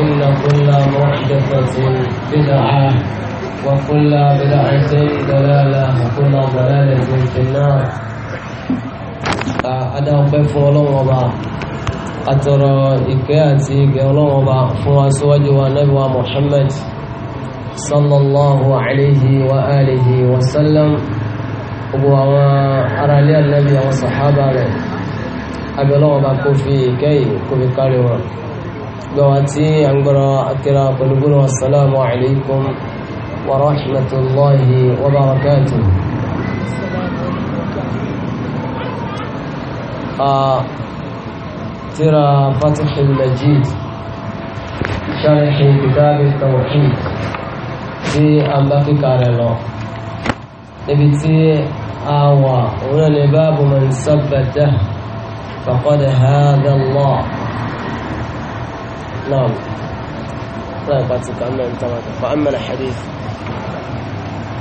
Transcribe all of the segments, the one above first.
إن كل محدثة بدعة وكل بدعة ضلالة وكل ضلالة في النار أدعو بفو الله atọrọ ìkẹ́ àti ìgẹ̀ ọlọ́run ọba fún aṣíwájú wa nábì wa Muhammad sallallahu alayhi wa alihi wa sallam gbogbo àwọn aráalé ànábì àwọn sàhábà rẹ̀ abẹ́lọ́wọ́ bá kó fi ìkẹ́ yìí kó fi kárí wọn دواتي انغرا اكرا بلغور السلام عليكم ورحمه الله وبركاته ا آه، ترى فتح المجيد شرح كتاب التوحيد في امبابي كارلو نبيتي اوا ولا لباب من سبته فقد هذا الله نعم لا يقاتلك عما أنت تماتك وعما الحديث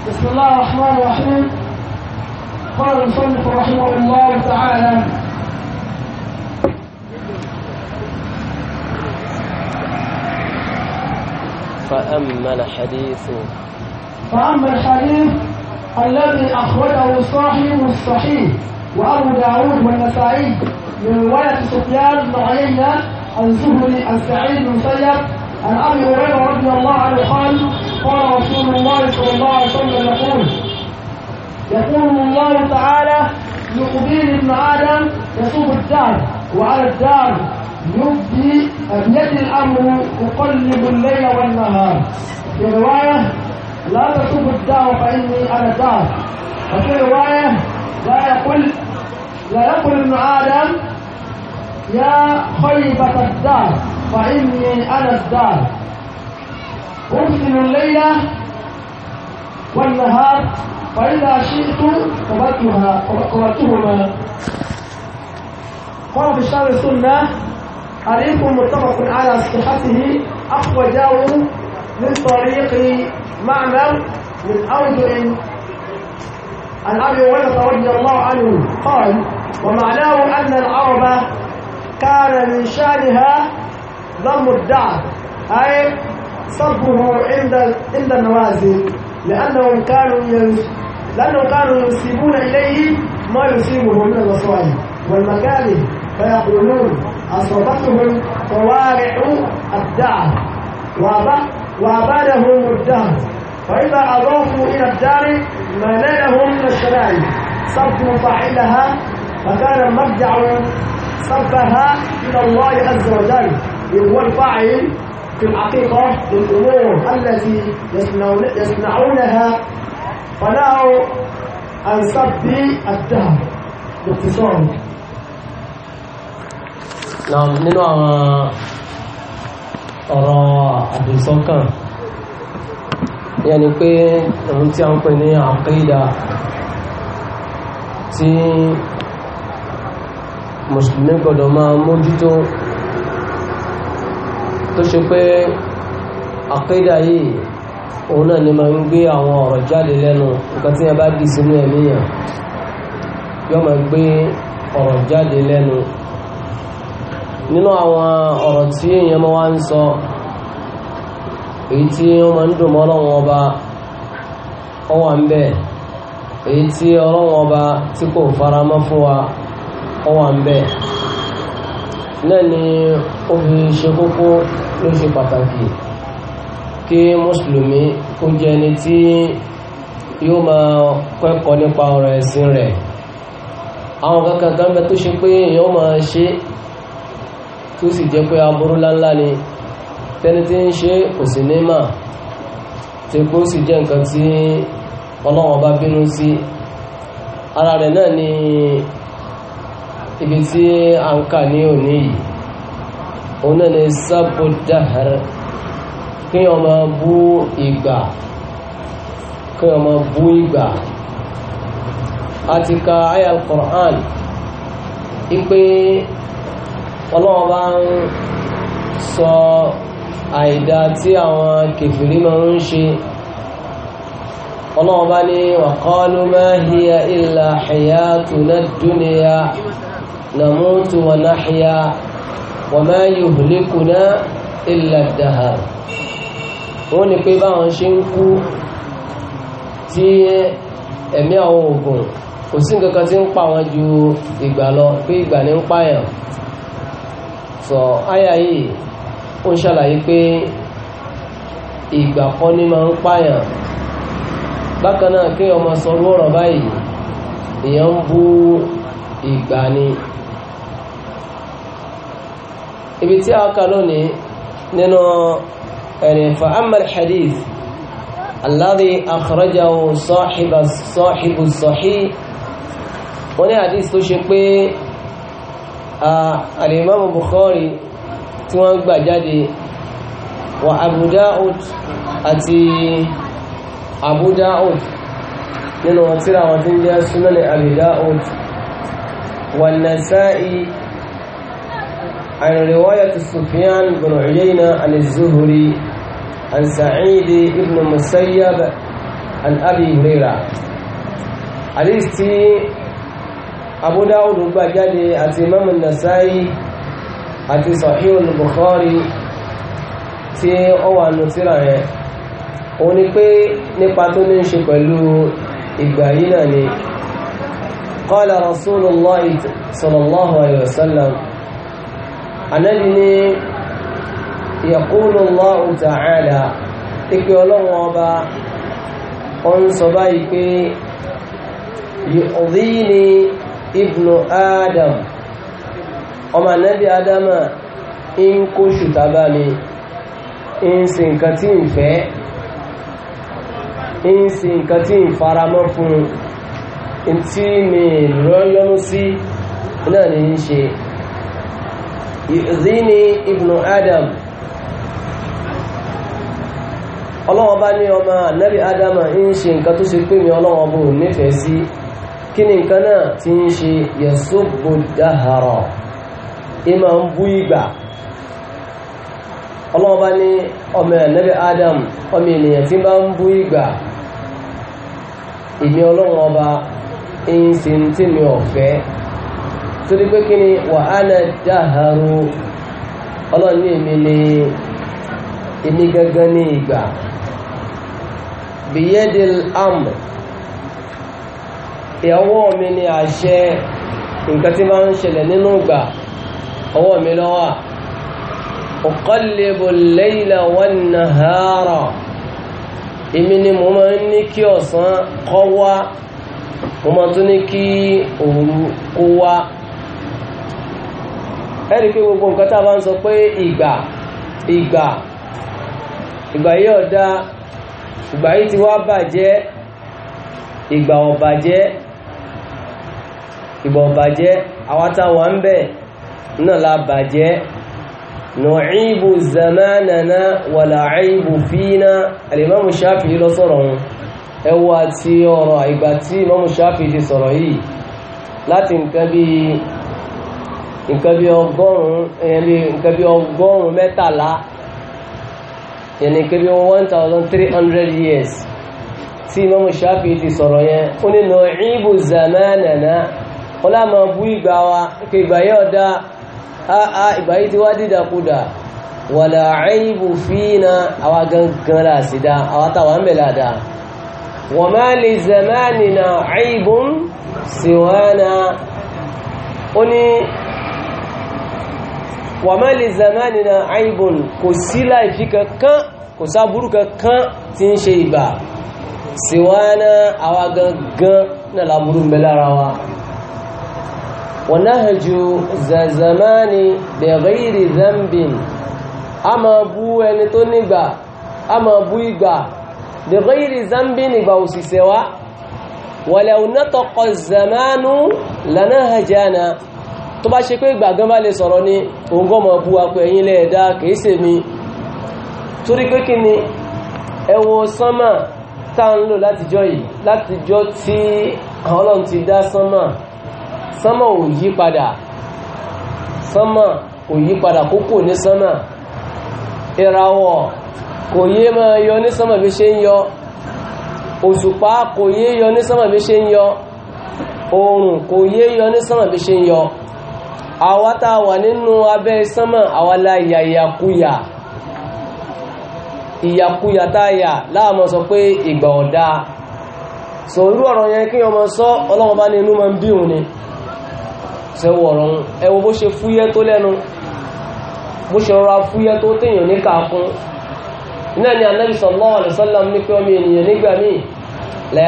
بسم الله الرحمن الرحيم قال المصنف رحمه الله تعالى فأما الحديث فأما الحديث الذي أخرجه صاحب الصحيح وأبو داود والنسائي من رواية سفيان بن عيينة عن السعيد بن سيد عن ابي هريره رضي الله عنه قال قال رسول الله صلى الله عليه وسلم يقول يقول الله تعالى لقبيل ابن ادم يصوب الدار وعلى الدار يبدي بيد الامر اقلب الليل والنهار في روايه لا تصوب الدار فاني انا دار وفي روايه لا يقل لا يقل ابن ادم يا خيبة الدار فإني أنا الدار أرسل الليل والنهار فإذا شئت قبلتهما قال في شهر السنة حديث متفق على صحته أخرجه من طريق معمر من أوجه عن أبي هريرة رضي الله عنه قال ومعناه أن العرب كان من شانها ضم الدعم أي صبره عند عند النوازل لأنهم كانوا لأنهم كانوا ينسبون إليه ما يصيبه من المصائب والمكاره فيقولون أصابتهم طوارع الدهر وأبادهم الدهر فإذا أضافوا إلى الدار ما نالهم من الشرائع صبوا فاعلها فكان مرجع صرفها إلى الله عز وجل هو الفاعل في الحقيقة للأمور التي يصنعونها فله أن صفي الدهر باختصار نعم nínú àwọn ọ̀rọ̀ àdìsọ́kàn yẹn ni pé ohun tí a ń pè ní àkídà tí mùsùlùmí gbọdọ̀ máa mójútó tó ṣe pé àkídà yìí òun náà ni ma ń gbé àwọn ọ̀rọ̀ jáde lẹ́nu nǹkan tí a bá dì sínú ẹ̀mí yẹn yóò gbé ọ̀rọ̀ jáde lẹ́nu nínú àwọn ọ̀rọ̀ tí èèyàn máa wá ń sọ èyí tí wọ́n ma ń dùn mọ́ ọlọ́run ọwà ń bẹ náà ni ó fi ṣe kókó ló ṣe pàtàkì kí mùsùlùmí kó jẹ ẹni tí yóò máa kẹ́kọ̀ọ́ nípa ọ̀rọ̀ ẹ̀sìn rẹ̀ àwọn kankan kan bẹ tó ṣe pé èèyàn máa ṣe tó sì jẹ́ pé aburú láńlá ni tẹ́ni tí ń ṣe kò sí ní mà tí kò sì jẹ́ nǹkan tí ọlọ́wọ́n bá bínú sí ara rẹ̀ náà ni ibi tí a ń kà ní òní yìí òun náà ni sábò kí wọ́n máa bú ìgbà kí wọ́n máa bú ìgbà àti ka àyà al-Qur'an ipe ọlọ́wọ́ bá ń sọ àìdá tí àwọn kèfèrí máa ń ṣe ọlọ́wọ́ bá ní wa qalu ma hiya illa hayatuna ad-dunya نموت ونحيا وما يهلكنا إلا الدهر wọ́n ní pé báwọn ṣe ń kú tí ẹ̀mí àwọn oògùn kò sí nǹkan kan tí ń pa wọn ju ìgbà lọ pé ìgbà ní ń pààyàn sọ àyà ó ń ṣàlàyé pé ìgbà kan ní máa ń pààyàn bákan náà kí ọmọ sọ orú báyìí èèyàn ń bú ìgbà ni ibi tí a kà lónìí nínú ẹni fa'amal hadith alladhi akhrajahu sahibu sahibu sahih wọ́n ní hadith tó ṣe pé alimamu bukhari tí wọ́n gbà jáde wa abu da'ud àti abu da'ud nínú tíra wọn tí ń jẹ́ sunan abu da'ud wa nasa'i عن رواية سفيان بن عيينة عن الزهري عن سعيد بن مسيب عن أبي هريرة حديث أبو داود بجدي أتي إمام النسائي أتي صحيح البخاري تي أو أن ترى oni pe nípa tó ní ṣe pẹ̀lú ìgbà yìí náà ni qala aneidine ni ọla ụta ceeda i k'ololwa ọba ọ na sobaaki yi ọdụghịni ibnu aadam ọ ma nebi aadama ịn ku shụta baa ni ịn sin kati na fe sin kati na fara marfuru intee ma rọl na musi ị ìdíni ibnu adam ọlọ́wọ́ bá ní ọmọ adam ń ṣe nǹkan tó ṣe pé mi ọlọ́wọ́ bò nífẹ̀ẹ́ sí kí ni nǹkan náà ti ń ṣe yẹ̀sùbù dáhàrọ̀ ìmọ̀ ń bú ìgbà ọlọ́wọ́ bá ní ọmọ ànábì adam ọmọ ènìyàn tí bá ń bú ìgbà ìmí ọlọ́wọ́ ọba ń ṣe tí mi ọ̀fẹ́ torí pé kí ni wà á nà dáhàrú ọlọ́ọ̀ni èmi ni èmi gangan ní ìgbà bìyẹ́dìl am ìyàwó mi ni àṣẹ nǹkan tí máa ń ṣẹlẹ̀ nínú ìgbà ọwọ́ mi lọ́wọ́ uqallibu al-layla wan-nahara èmi ni mo máa ń ní kí ọ̀sán kó wá mo máa tún ní kí òru kó wá ẹ̀rí pé gbogbo nǹkan tá a bá ń sọ pé ìgbà ìgbà ìgbà yìí ọ̀dá ìgbà yìí ti wá bàjẹ́ ìgbà ọ̀bàjẹ́ ìgbà ọ̀bàjẹ́ àwọn táwa ń bẹ̀ náà la bàjẹ́ nùcíbù zamanana wàlà àìbù fínà alimamu shafi lọ sọ̀rọ̀ wọn ẹwà tí ọ̀rọ̀ ìgbà tí imamu shafi ti sọ̀rọ̀ yìí láti nǹkan bíi nǹkan bí ọgọ́rùn-ún ẹ̀yẹn bí nǹkan bí ọgọ́rùn-ún mẹ́tàlá yẹn ni nǹkan bí one thousand three hundred years tí Imam Shafi ti sọ̀rọ̀ yẹn ó ní nà ìbò zamanana wọn láà máa bú ìgbà wa kí ìgbà yẹn ọ̀dà áá ìgbà yìí ti wá dídàkudà wàlà ìbò fínà àwa gangan là sí dá àwa táwa ń bẹ̀ là dá wọ́n máa lè zamanina ìbò siwana ó ní wa ma li zamanina aibun kò sí láìfí kankan kò sáburú kankan tí ń ṣe ìgbà síwáná àwa gangan náà láburú ń bẹ lára wa wa nahju zamani bi ghairi dhanbin a máa bú ẹni tó nígbà a máa bú ìgbà bi ghairi ìgbà òṣìṣẹ́ wa walau nataqa zamanu lanahjana tó bá ṣe pé gbàgán bá lè sọ̀rọ̀ ní òǹgọ́mọ̀ bú apẹ ẹ̀yìn lẹ́ẹ̀dá kìí ṣe mi torí pé kí ni ẹ wo sánmà tá ń lò látijọ́ yìí látijọ́ tí Ọlọ́run ti dá sánmà sánmà ò yí padà sánmà kò yí padà kókò ní sánmà ìràwọ̀ kò yé máa yọ ní sánmà bí ṣe ń yọ òṣùpá kò yé yọ ní sánmà bí ṣe ń yọ oòrùn kò yé yọ ní sánmà bí ṣe ń yọ àwátá wà nínú abẹ́ sánmà àwálá ìyàyàkúyà ìyàkúyà táyà láàmọ́ sọ pé ìgbà ọ̀dá so irú ọ̀rọ̀ yẹn kí ọmọ sọ ọlọ́wọ́ bá ní inú ma ń bí òun ni sẹ́wọ̀ ọ̀rọ̀ ẹwọ bó ṣe fúyẹ́ tó lẹ́nu bó ṣe rọra fúyẹ́ tó téèyàn ní kàákún iná ni Ànábì sallallahu alaihi ní pé ọmọ ènìyàn nígbà míì la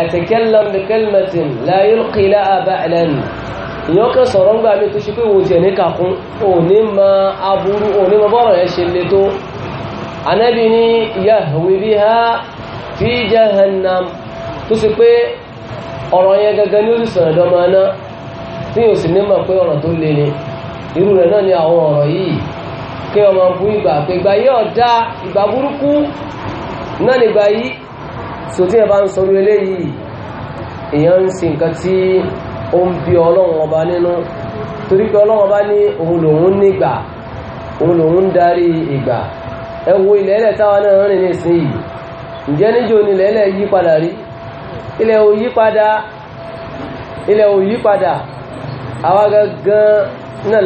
èèyàn kan sọ̀rọ̀ ń gbà mí tó ṣe pé wo tiẹ̀ ní kàkún òní ma aburú òní ma bọ́rọ̀ yẹn ṣe le tó anábì ní yahwi biha fi jahannam tó ṣe pé ọ̀rọ̀ yẹn gẹ́gẹ́ ní orísun ẹ̀dọ́ máa ná tí yóò sì ní mọ̀ pé ọ̀rọ̀ tó le ni irú rẹ̀ náà ni àwọn ọ̀rọ̀ yìí kí ọmọ bu ìgbà pé ìgbà yìí ọ̀dá ìgbà burúkú náà nígbà yìí sòtí ẹ̀ bá ń sọ eléyìí èèyàn ń sin nǹkan tí ó ń bí ọlọ́run ọba nínú torí pé ọlọ́run ọba ní òun lòun nígbà òun lòun ń darí ìgbà ẹ wo ilẹ̀ ilẹ̀ táwa náà rìn nísìnyìí ǹjẹ́ níjó ni ilẹ̀ ilẹ̀ yí padà rí ilẹ̀ ò yí padà ilẹ̀ ò yí padà àwa gangan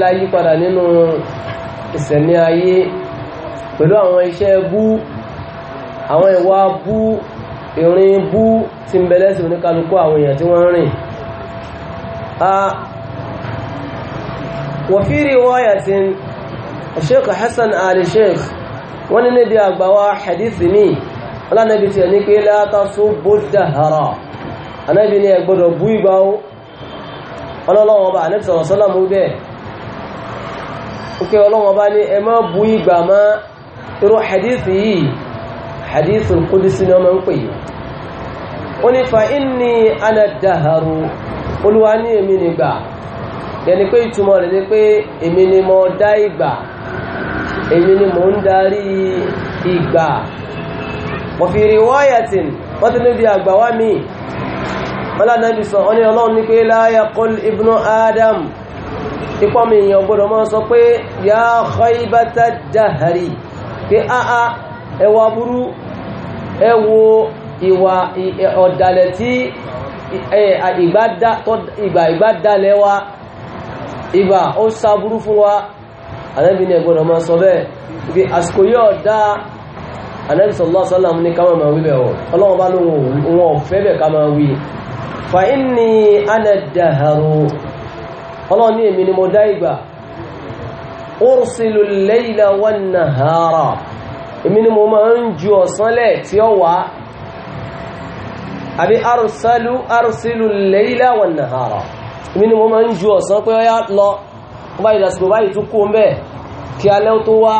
وفي رواية الشيخ حسن آل الشيخ وننبي أقبوا حديث مي ولا نبي تنك لا تصب الدهر أنا بني أقبل أبوي باو ولا الله وبا نبي صلى الله عليه وسلم به وكي الله وبا ني إما بوي باما يرو حديثي حديث القدس نوما نقي ونفعني أنا الدهر olúwa ní èmi nìgbà yẹni pé ìtumọ̀ rẹ̀ ni pé èmi ni mo dá ìgbà èmi ni mo ń darí ìgbà mo fi rí wáyàtìn wọ́n ti níbi àgbà wá mi wọ́n lánà ibi sọ ọ́nà ọlọ́run ní pé la yaqul ibnu adam ipọ́ mi èèyàn gbọ́dọ̀ mọ́ sọ pé ya khaybata dahari pé áá ẹwà burú ẹwọ ìwà ọ̀dàlẹ̀ tí ìgbà ìgbà dalẹ̀ wa ìgbà ó sáburú fún wa ànábì ní ẹgbọ́dọ̀ máa sọ bẹ́ẹ̀ ibi àsìkò yóò dá ànábì sallallahu alaihi wasallam ní ká máa wí bẹ́ẹ̀ ọlọ́run bá lóhun wọn fẹ́ bẹ́ẹ̀ ká máa wí fa inni ana daharu ọlọ́run ní èmi ni mo dá ìgbà ursilu al-layla nahara èmi ni mo máa ń ju ọ̀sánlẹ̀ tí ó wà àbí arùsálù arùsílù lẹ́yìnlá wọn nàhàrà mi ni mo máa ń ju ọ̀sán pé ọyá lọ wọ́n bá ìdásíkò báyìí tó kó ń bẹ́ẹ̀ kí alẹ́ tó wá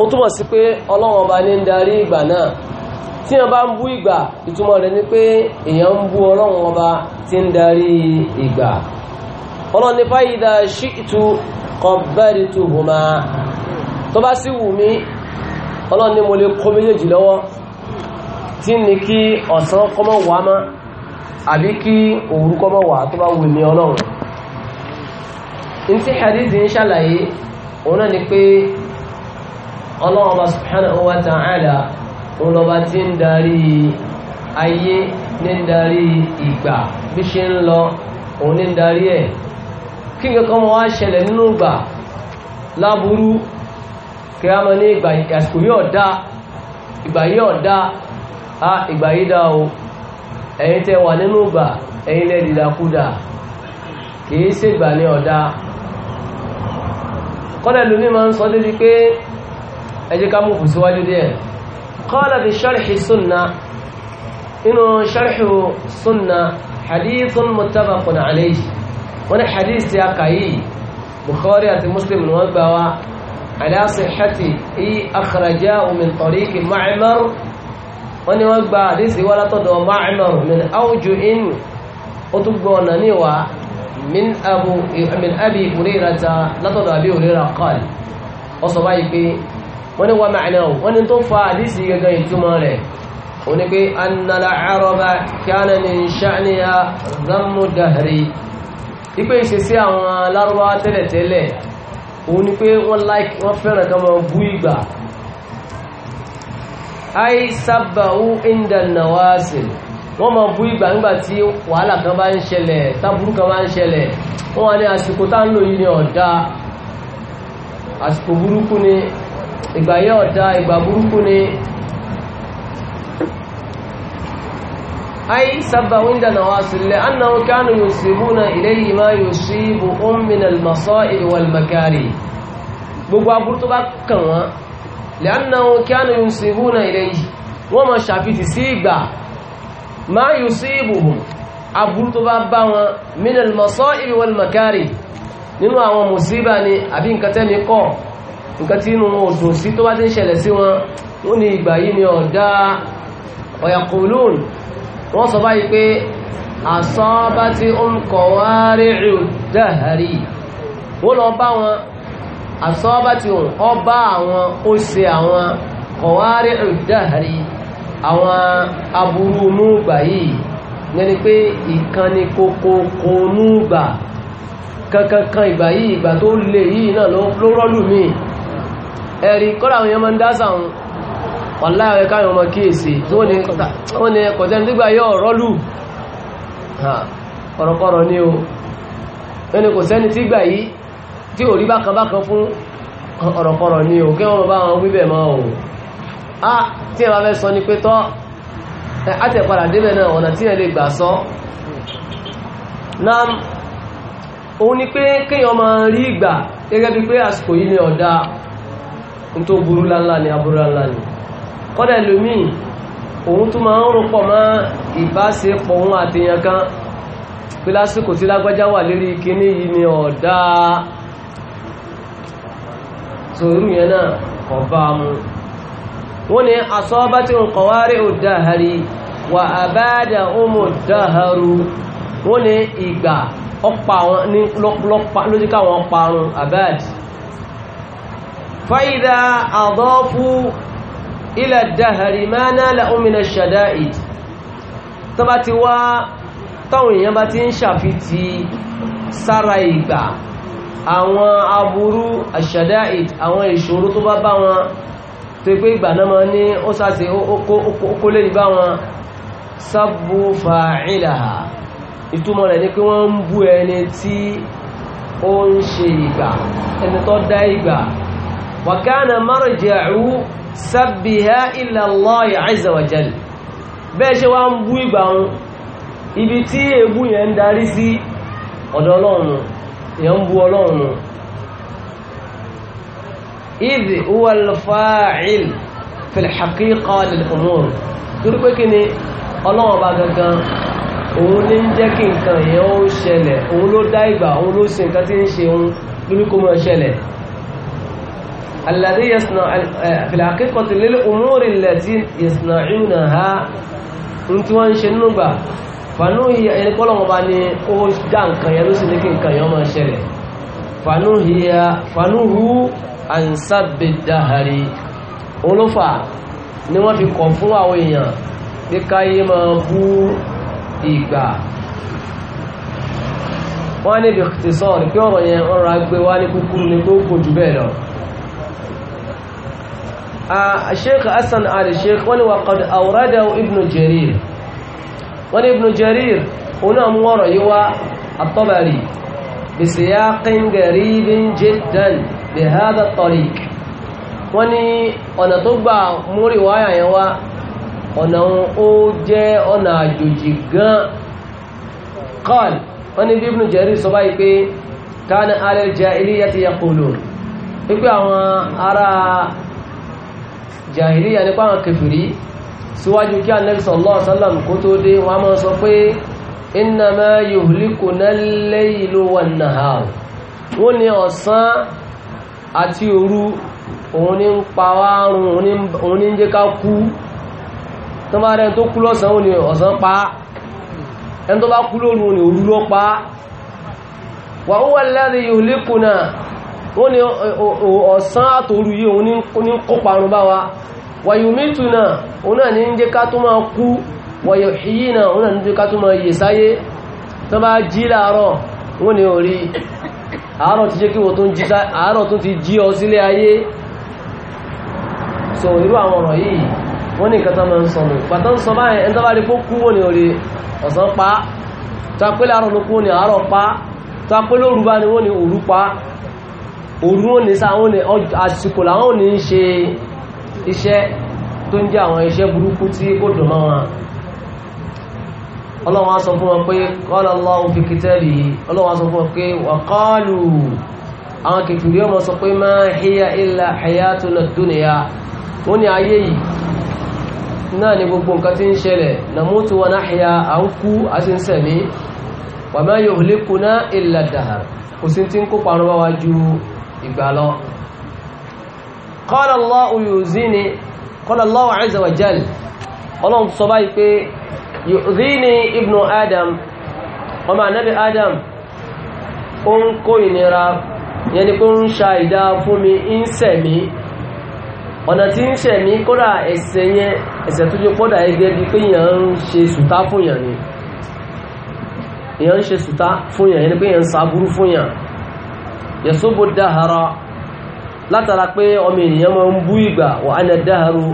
ó túmọ̀ sí pé ọlọ́run ọba ní ń darí ìgbà náà tí wọ́n bá ń bú ìgbà ìtumọ̀ rẹ̀ ni pé èèyàn ń bú ọlọ́run ọba tí ń darí ìgbà ọlọ́run ní fáyidà ṣíìtú kọ̀bẹ́rì tó hùmá tó bá sì wù mí ọlọ́run mo lè kó méjèèjì lọ́wọ́ tí ní kí ọ̀sán kọmọ wà má àbí kí òru kọmọ wà tó bá wù ní ọlọ́run ntí hadith ń pé subhanahu wa ta'ala tí ń darí ayé ní ń darí ìgbà bí ṣe ń lọ òun ní ń a ìgbà yìí dá o ẹ̀yin tẹ́ wà nínú ìgbà ẹ̀yin lẹ́ dìdàkudà kìí ṣègbà ní ọ̀dá kọ́lẹ̀ lómi máa ń sọ débi pé ẹ jẹ́ ká mú kù síwájú díẹ̀ qala fi sharhi sunna inú sharhi sunna hadithun muttafaqun alayhi wọ́n ní hadith tí a kà bukhari àti muslim ni wọ́n gbà wá ala i akhrajahu min tariqi ma'mar wọ́n ní wọ́n gba àdísì wá látọ̀dọ̀ Ma'mar min awju in ó tún gbọ́ ọ̀nà ní wa min abu min abi Hurairah ta látọ̀dọ̀ abi Hurairah qala ó sọ báyìí pé wọ́n ní wọ́n ma'na wọ́n ní tó fa àdísì gẹ́gẹ́ ìtumọ̀ àwọn Lárúbáwá tẹ́lẹ̀tẹ́lẹ̀ òun ni pé wọ́n fẹ́ràn kan bú ìgbà ai sábàú inda nawasil wọ́n ma bú ìgbà nígbà tí wàhálà kan bá ń ṣẹlẹ̀ tábúrú kan bá ń ṣẹlẹ̀ wọ́n wá ní àsìkò tá ń lò yìí ni ọ̀dá àsìkò burúkú ni ìgbà yẹ ọ̀dá ìgbà burúkú ni ai sábàú inda lẹ́ annáwó kánú yusibuna ilayhi ma yusibu um min al masa'ib wal makari gbogbo aburú tó bá kàn wọ́n لأنه كانوا ينسبون إليه وما شافيت سيغا ما يصيبهم aburú tó bá bá wọn minal masa'ib wal makarih nínú àwọn mùsíbà ni àbí nǹkan tẹ́mi kọ́ nǹkan tí inú òdùn sí tó bá ti ń ṣẹlẹ̀ sí wọn ó ní ìgbà yìí ni ọ̀dá ọ̀yàkùlùn wọ́n sọ báyìí pé asabati um qawari'u dahri wọ́n lọ bá wọn àsọ́ọ́bá ti hùn ọba àwọn ó ṣe àwọn kọ̀wárí ìdáhàrí àwọn aburú núùgbà yìí yẹni pé ìkànnì kòkòkò núùgbà kankankan ìgbà yìí ìgbà tó lè yìí náà ló rọ́lù mí ẹ̀rí kọ́lá àwọn èèyàn máa ń dá sàun wàlá ẹ̀rẹ́ káyọ̀ ọmọ kíyèsí tó ní kọ̀tẹ́ nígbà yóò rọ́lù ọ̀rọ̀kọ̀rọ̀ ni o ẹni kò sẹ́ni tí yìí tí ò rí bakan bákan fún ọ̀rọ̀kọ̀rọ̀ ni ò kí wọ́n bá wọn wíbẹ̀ mọ́ ò á tí ẹ sọ ni pé tọ́ àtẹ̀padà débẹ̀ náà ọ̀nà tí ẹ lè gbà sọ náà òun ni pé kéèyàn máa rí ìgbà gẹ́gẹ́ bí pé àsìkò yìí ni ọ̀dá tó burú láńlá ni aburú láńlá ni kọ́dà ẹlòmíì òun tún máa ń mọ́ ìbáṣepọ̀ òun àtìyàn kan pé lásìkò tí lágbájá wà lérí kíní yìí ni so irú yẹn náà kọ̀ bá mu wọ́n ní asọ́bátí nkọ̀wárí òdáharí wà àbáàdà ọmọ òdáharu wọ́n ní ìgbà ọpa wọn ní lójíká wọn parun àbáàdì fàídà àdọ́fú ilẹ̀ dáharí máa náà lẹ́ọ̀mìnà ṣàdáìd tó ti wá táwọn èèyàn bá ti ń ṣàfitì sára ìgbà àwọn aburú àṣàdáìd àwọn ìṣòro tó bá bá wọn tó pé ìgbà náà máa ní ó sáti ó lè bá wọn sábú fàáìlàhà ìtumọ̀ rẹ̀ ní pé wọ́n ń bú ẹni tí ó ń ṣe ìgbà ẹni tó dá ìgbà wàkánà ila Allah wa ibi èèyàn ń bu ọlọ́run nù ìdí huwa al-fa'il fil haqiqa lil umur torí pé kí ni ọlọ́run ọba gangan òun ní ń jẹ́ kí nǹkan yẹn ó ṣẹlẹ̀ òun ló dá ìgbà òun ló ṣe nǹkan tí ń ṣe òun lórí kó mọ́ ṣẹlẹ̀ alladhi yasna fil haqiqati lil umuri allati yasna'unaha ń tí wọ́n ń ṣe nínú gbà fànúhì ẹni kọ́lọ̀wọ́ bá ní ó dá nǹkan yẹn ló sì ní kí nǹkan yẹn máa ṣẹlẹ̀ fànúhù ànsábẹ̀dáhàrí olófà ni wọ́n fi kọ̀ fún àwọn èèyàn pé káyé máa bú ìgbà wọ́n ní bìkìtì sọ́ọ̀rì pé ọ̀rọ̀ yẹn ọ̀rọ̀ agbé wá ní kúkúrú ní tó kò jù bẹ́ẹ̀ lọ Sheikh Hassan Ali Sheikh wọ́n ni qad awradahu Ibn Jarir wọ́n ní ibùn jarir òun náà mú ọ̀rọ̀ yìí wá àtọ́bàrí bisiyaqin garibin jiddan bi hadha tariq wọ́n ní ọ̀nà tó gbà múrí wáyà yẹn wá ọ̀nà ó jẹ́ ọ̀nà àjòjì gan qal wọ́n ní bí ibùn sọ báyìí pé kana ala al-jahiliyyati yaqulun wípé àwọn ará jahiliya nípa àwọn kẹfìrí síwájú kí Ànábì sallallahu alaihi wasallam kó tó dé wọ́n máa sọ pé innama yuhlikuna al-laylu wan-nahar wọ́n ní ọ̀sán àti òru òun ní ń pa wá run òun ní ń jẹ́ ká kú tó bá rẹ̀ tó kú lọ́sàn òun ní ọ̀sán pa ẹni tó bá kú lóru òun ní òru ló pa wa huwa alladhi wọ́n ní ọ̀sán àtòru yìí òun ní kó parun bá wa wàyùmítùnà òun náà ní jẹ́ ká tó máa kú wàyùhìyìnà òun náà ní jẹ́ ká tó máa yè sáyé tó bá jí láàárọ̀ wọ́n ni orí àárọ̀ ti jẹ́ kí wọ́n tó ti jí ọ sílé ayé so irú àwọn ọ̀rọ̀ yìí wọ́n ní ìkàtà máa ń sọ pa tàpẹ́lẹ̀ àárọ̀ ló kú wọ́n ni àárọ̀ pa tàpẹ́lẹ̀ òru bá ni wọ́n ni iṣẹ́ tó ń jẹ́ àwọn iṣẹ́ burúkú tí kò dùn mọ́ wọn ọlọ́wọ́n á sọ fún wọn pé qala Allahu fi kitabihi ọlọ́wọ́n á sọ fún wọn pé wa qalu àwọn kìtìrí ọmọ sọ pé ma hiya illa hayatuna dunya wọ́n ní ayé yìí náà ni gbogbo nǹkan tí ń ṣẹlẹ̀ قال الله yu'zini قال الله عز وجل jal ọlọ́run sọ ابن آدم yu'zini نبي آدم ọmọ anabi adam ó ń kó ìnira yẹn ni kó ń ṣa ìdá fún mi ń sẹ̀mí ọ̀nà tí ń sẹ̀mí kódà ẹ̀ṣẹ̀ yẹn ẹ̀ṣẹ̀ tó jẹ́ pọ́dà ẹgẹ́ bíi pé yẹn ń ṣe sùtá fún yẹn ni yẹn ń ṣe sùtá fún yẹn yẹn pé yẹn ń sa burú fún yẹn yasubu dahara látara pé ọmọ ènìyàn máa ń bú ìgbà wà á nà dáhàrú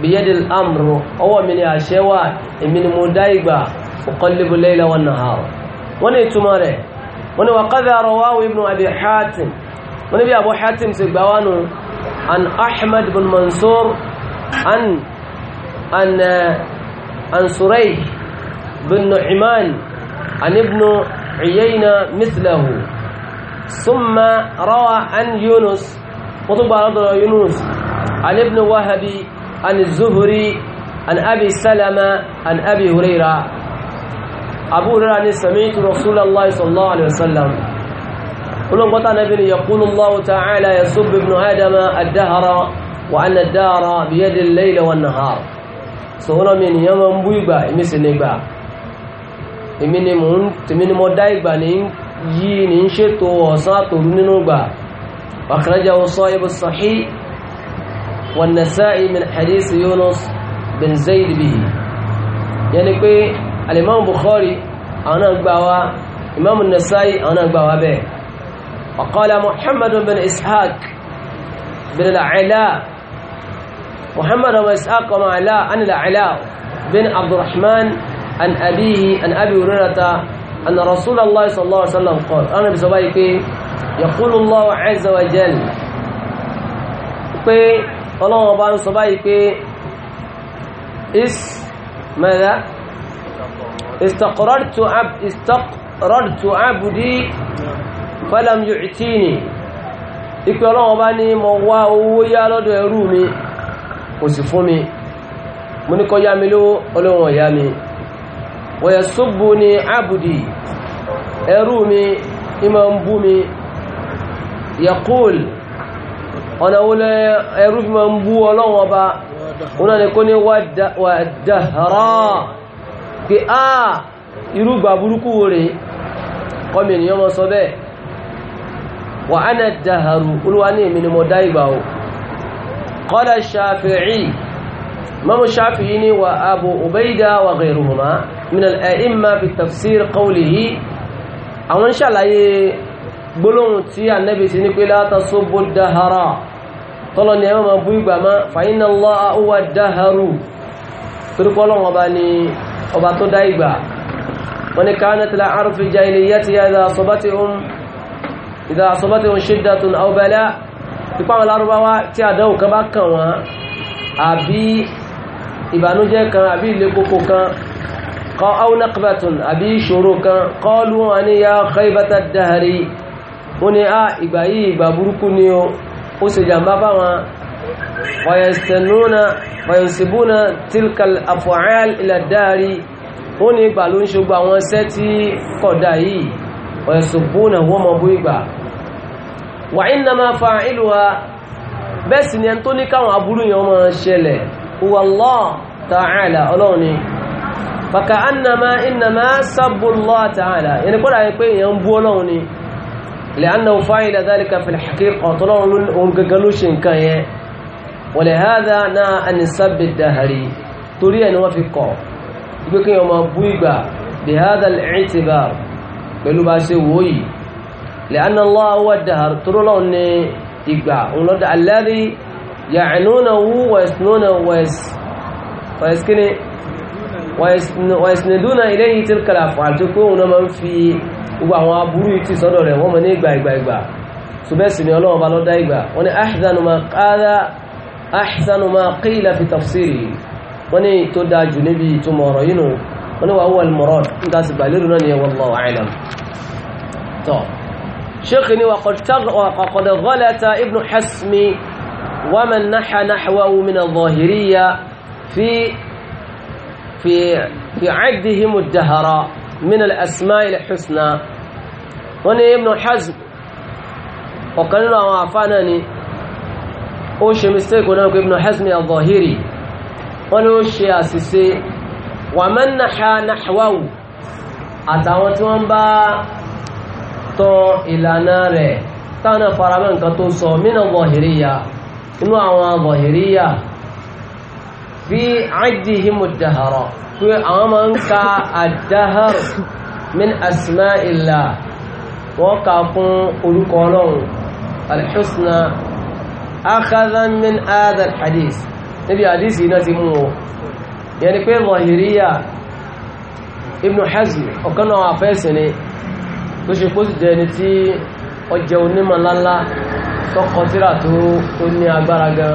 bìyẹ́dì amru ọwọ́ mi ni àṣẹ wà èmi ni mo dá ìgbà uqallibu layla wan nahar wọ́n ní ìtumọ̀ rẹ̀ wọ́n ní wa qadha rawahu ibnu abi hatim ثم روى عن يونس وطبع رضا يونس عن ابن وهبي عن الزهري عن أبي سلمة عن أبي هريرة أبو هريرة سمعت رسول الله صلى الله عليه وسلم قلنا قطع نبي يقول الله تعالى يسب ابن آدم الدهر وأن الدار بيد الليل والنهار سهنا من يوم بويبا مثل نبا èmi ni mò ń tèmi yìí ní ń ṣètò ọ̀sán àtòrú nínú gbà ọ̀kẹ́rẹ́jà ọ̀sán ibi sọ̀hí wọn nasa'i min hadith yunus bin zaid bihi yẹni pé alimam bukhari àwọn náà gbà wá imam nasa'i àwọn náà gbà wá bẹ́ẹ̀ ọ̀kọ́lá muhammadu bin ishaq bin al'ala muhammadu bin ishaq ọmọ alá an al'ala bin abdurrahman an abihi an abi hurairata أن رسول الله صلى الله عليه وسلم قال أنا بسبايك يقول الله عز وجل pé ọlọ́run ọba ń sọ báyìí pé is mẹ́rẹ́ istaqrartu abdi falam yu'tini ipe ọlọ́run ọba ní mo wá owó yá lọ́dọ̀ ẹrú mi kò sì fún mi mo ní kó yá mi lówó ọlọ́run ó yá mi wọ̀yẹ̀sọ́bù ni abudi ẹrú mi ìmọ̀ ń bú mi yaqul ọ̀nà wọlé ẹrú fi mọ̀ ń bú ọlọ́wọ́n ọba ọ̀nà ni kó ní wà dáhàrá pé á irúgbà burúkú rẹ̀ kọ́mì ènìyàn mọ́ sọ bẹ́ẹ̀ wà á nà dáhàrú olúwa ní èmi ni mo dá ìgbà o qala Shafi'i Imam Shafi'i ni wa Abu Ubaida wa ghayruhuma min al-a'imma fi tafsir qawlihi àwọn ṣàlàyé gbólóhùn tí Ànábì sí ní pé la tasubbu ad-dahra tọ́lọ ni ẹmọ́ bú ìgbà má fa inna Allaha huwa ad-dahru torípọ́lọ́wọ́ ọba ni ọba tó dá ìgbà wọ́n ni kanat al-a'rabu fi jahiliyyati idha asabathum idha asabathum shiddatun aw bala' àbí ìbànújẹ́ kan àbí ilé kókó kan kọ́ aunakbatun àbí ìṣòro kan kọ́ọ̀lù wọn ni ya khaybata dahari ó ní à ah, ìgbà yìí ìgbà burúkú ni ó ó sì jàmbá fáwọn fọyọ̀sìbúnà tilkal afọ̀hál ìlàdáàrí ó ní ìgbà ló ń ṣogbà wọn sẹ́ tí kọ̀dá yìí fọyọ̀sìbúnà wọ́n mọ̀ bú ìgbà wà ìnàmà fa ìlú bẹ́ẹ̀ sì ni ẹni tó ní káwọn aburú yẹn máa ṣẹlẹ̀ wallahu ta'ala ọlọ́run ni bàkà annama innama sabbu Allah ta'ala yẹn kọ́dà yẹn pé èèyàn ń bú ọlọ́run ni li'annahu fa'ila dhalika fil haqiqa ọ̀tọ́lọ́run òun gẹ́gẹ́ ló ṣe nǹkan yẹn wa li hadha naha an sabbi dahari torí ẹ̀ ni fi kọ̀ ìgbé kí ṣe wòóyì li'anna ìgbà òun lọ́dọ̀ alladhi ya'nunahu wẹ̀sìnìdúnà ilé yìí tí kàlà fàájú pé òun náà máa ń fi gbogbo àwọn aburú yìí tí sọ́dọ̀ rẹ̀ wọ́n mọ̀ ní ìgbà ìgbà ìgbà ṣùgbẹ́sì ni ọlọ́wọ́ bá lọ́dá ìgbà wọ́n ni ahsanu ma qila fi tafsiri wọ́n ni tó dáa jù níbi ìtumọ̀ شيخ وقد غلط ابن حسم ومن نحى نحوه من الظاهرية في في في عدهم الدهر من الأسماء الحسنى وني ابن حزم وقال له وعفانني وش مستيك ونوك ابن حزم الظاهري ونوش يا سيسي ومن نحى نحوه أتاوتوا tọ́ ìlànà rẹ̀ táwọn náà faramọ́ nǹkan tó sọ mínà zahiriyya inú àwọn zahiriyya fi addihimu dahara pé àwọn máa ń ka ad-dahr min asma'illah wọ́n kà fún orúkọ ọlọ́run al-husna akhadhan min hadha al-hadith níbi hadith yìí ti mú o yẹni pé zahiriyya ibn Hazm ọ̀kan náà àfẹ́sìn ni tó ṣe kó sì jẹ́ ẹni tí ọjẹ́ onímọ̀ ńláńlá tọkọ tíra tó ní agbára gan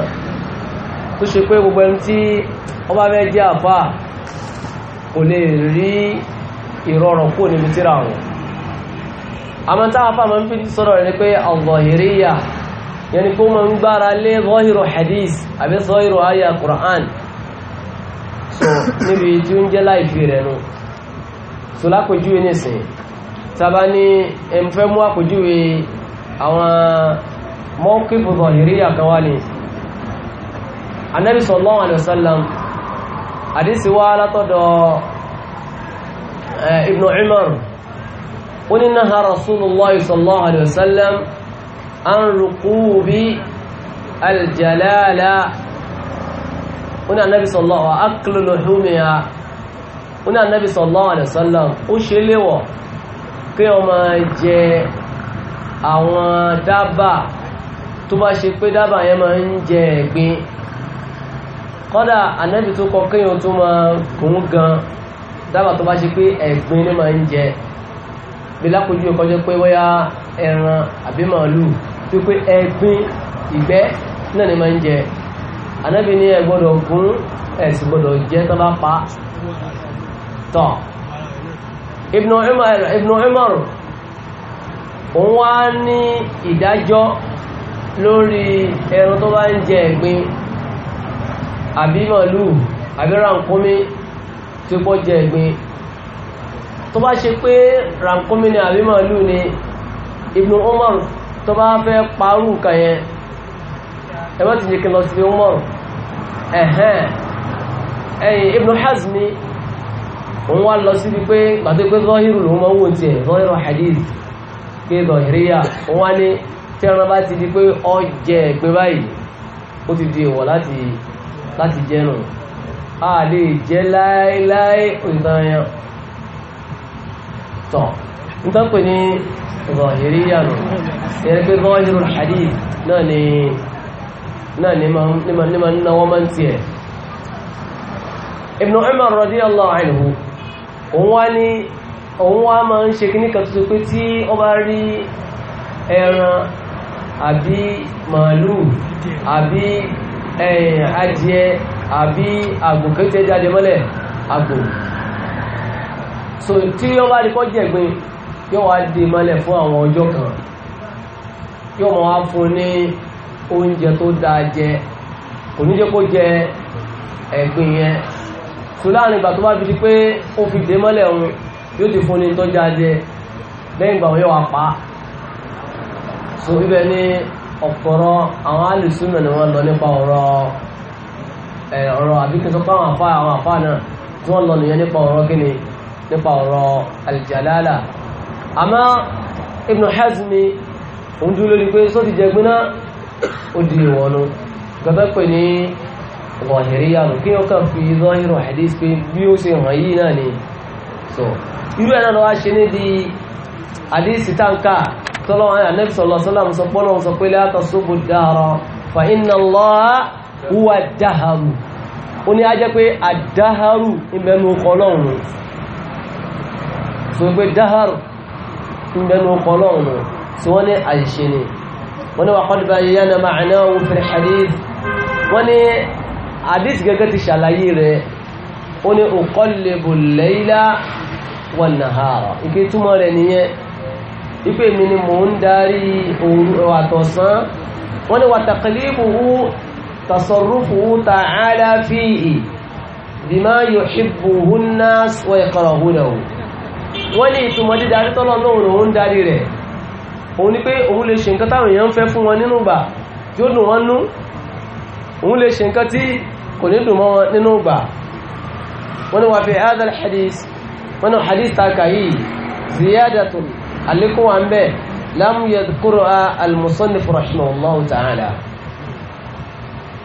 tó ṣe pé gbogbo ẹni tí ọ bá fẹ́ jẹ́ àbá kò lè rí ìrọ̀rùn kúrò níbi tíra wọn àmọ́ táwọn afá máa ń fi rẹ̀ ní pé al máa ń gbára lé àbí sábà ní ẹmú fẹ́ mú àpòjúwe àwọn mọ́kífù zahiriyya kan wá ní anábì sallallahu alaihi wasallam àdísí wá látọ̀dọ̀ eh, ibn umar ó ní naha rasulullah sallallahu alaihi wasallam an rukubi aljalala ó ní anábì sallallahu aklu luhumiha ó ní anábì sallallahu alaihi ó ṣe léwọ̀ kí wọ́n máa jẹ àwọn dábà tó bá ṣe pé dábà yẹn máa ń jẹ ẹ̀gbin kọ́dà ànábì tó kọ kí wọ́n tó máa gùn gan dábà tó bá ṣe pé ẹ̀gbin ni máa ń jẹ bí lápòjú ẹ̀kọ́ jẹ́ pé wọ́yá ẹran àbí màálù tó pé ẹ̀gbin ìgbẹ́ náà ni máa ń jẹ ànábì ní ẹ gbọ́dọ̀ gún ẹ gbọ́dọ̀ jẹ tó bá pa tán ibn umar ibn umar òun wá ní ìdájọ́ lórí ẹran tó bá ń jẹ ẹ̀gbin àbí màálù àbí rànkúnmí tí kò jẹ ẹ̀gbin tó bá ṣe ni àbí màálù ni ibn umar tó bá fe parú nǹkan yẹn ẹ má ti jẹ́ kí n lọ ibn umar ẹ̀hẹ́n ẹ̀yìn ibn hazmi òun wá lọ síbi pé pàtó pé zọ́hírù lòun mọ́ wò tiẹ̀ zọ́hírù hadith pé zọ̀híríyà òun wá ní tí ẹran bá ti di pé ọ jẹ ẹ̀gbẹ́ báyìí ó ti di ìwọ̀ láti láti jẹnu a lè jẹ láéláé òtítàn yẹn tọ̀ nítorí pé ní zọ̀híríyà nù ẹ̀rẹ́ pé zọ́hírù hadith náà ni náà ni ma ń náwó máa ń tiẹ̀ Ibn Umar radiyallahu anhu òun wá ní òun wá máa ń ṣe kíní kan tó ṣe pé tí ó bá rí ẹran àbí màálù àbí adìẹ àbí àgbò kété jáde mọ́lẹ̀ àgbò so tí ó bá rí kọ́ jẹ̀gbin yóò wá di mọ́lẹ̀ fún àwọn ọjọ́ kan yóò máa wá fún ní oúnjẹ tó dáa jẹ kò ní jẹ́ kó jẹ ẹ̀gbin yẹn so láàrin ìgbà tó bá fi di pé ó fi dé mọ́lẹ̀ ohun yóò ti fún ní tọ́jú ajẹ lẹ́yìn ìgbà òun yóò wá pa so ibẹ̀ ni ọ̀pọ̀rọ̀ àwọn alùsùnà ni wọ́n lọ nípa ọ̀rọ̀ ọ̀rọ̀ pé àwọn àwọn náà tí wọ́n lọ nìyẹn nípa ọ̀rọ̀ kíni nípa ọ̀rọ̀ àmọ́ Ibn òun dúró lórí pé zọ̀hìríyà nù kí o kàn fi zọ́hìrò hadith pé bí ó ṣe hàn yìí náà ni so irú ẹ̀ náà lọ́wọ́ ṣe ní di hadith tanka tọ́lọ́wọ́n ànábì sallallahu alaihi wasallam sọ pọ́lọ́ sọ pé la tasubbu dahra fa inna Allaha huwa daharu ó ní á jẹ́ pé àdáharu ìbẹnu ọkọ̀ wọ́n ní hadith wọ́n ní àdìsí gẹ́gẹ́ ti ṣàlàyé rẹ̀ ó ní uqallibu al-layla wan-nahara ìké túmọ̀ rẹ̀ nìyẹn ipe mi ni mò ń darí àtọ̀sán wọ́n ní wa taqlibuhu tasarrufuhu ta'ala fihi bima yuhibbuhu an-nas wa yakrahunahu wọ́n ni pé òun lè ṣe fún ó dùn wọ́n òun lè ṣe nǹkan tí kò ní dùn mọ́ wọn nínú ìgbà wọ́n ni wà fi adal hadith wọ́n ni hadith taka yìí ziyadatun alikun wa mbẹ lam yadhkuru al-musannif rahimahullahu ta'ala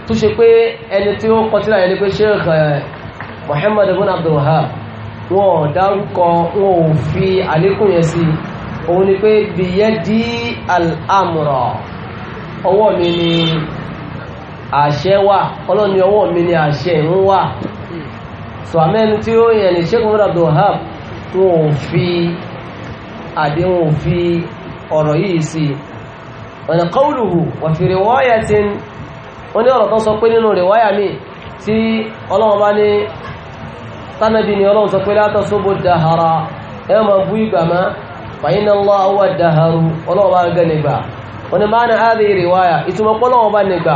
tó ṣe pé ẹni tí ó kọ tírà ẹni pé sheikh eh, muhammad ibn abdul wọn dárúkọ wọn ò fi alikun yẹn sí òun ni pé biyadi al-amra ọwọ́ mi ni àṣẹ wà ọlọ́ni ọwọ́ mi ni àṣẹ ń wà so amẹ́ni tí ó yẹ ní Sheikh Muhammad wọn ò fi àdéhùn ò fi ọ̀rọ̀ yìí sí ọ̀nà qawluhu wa fi riwayatin ó ní ọ̀rọ̀ sọ pé nínú mi tí ni ọlọ́wọ́ sọ pé la dahara ẹ máa bú ìgbà má fa inna Allaha huwa daharu bá gẹ́ nígbà máa ní ìtumọ̀ bá nígbà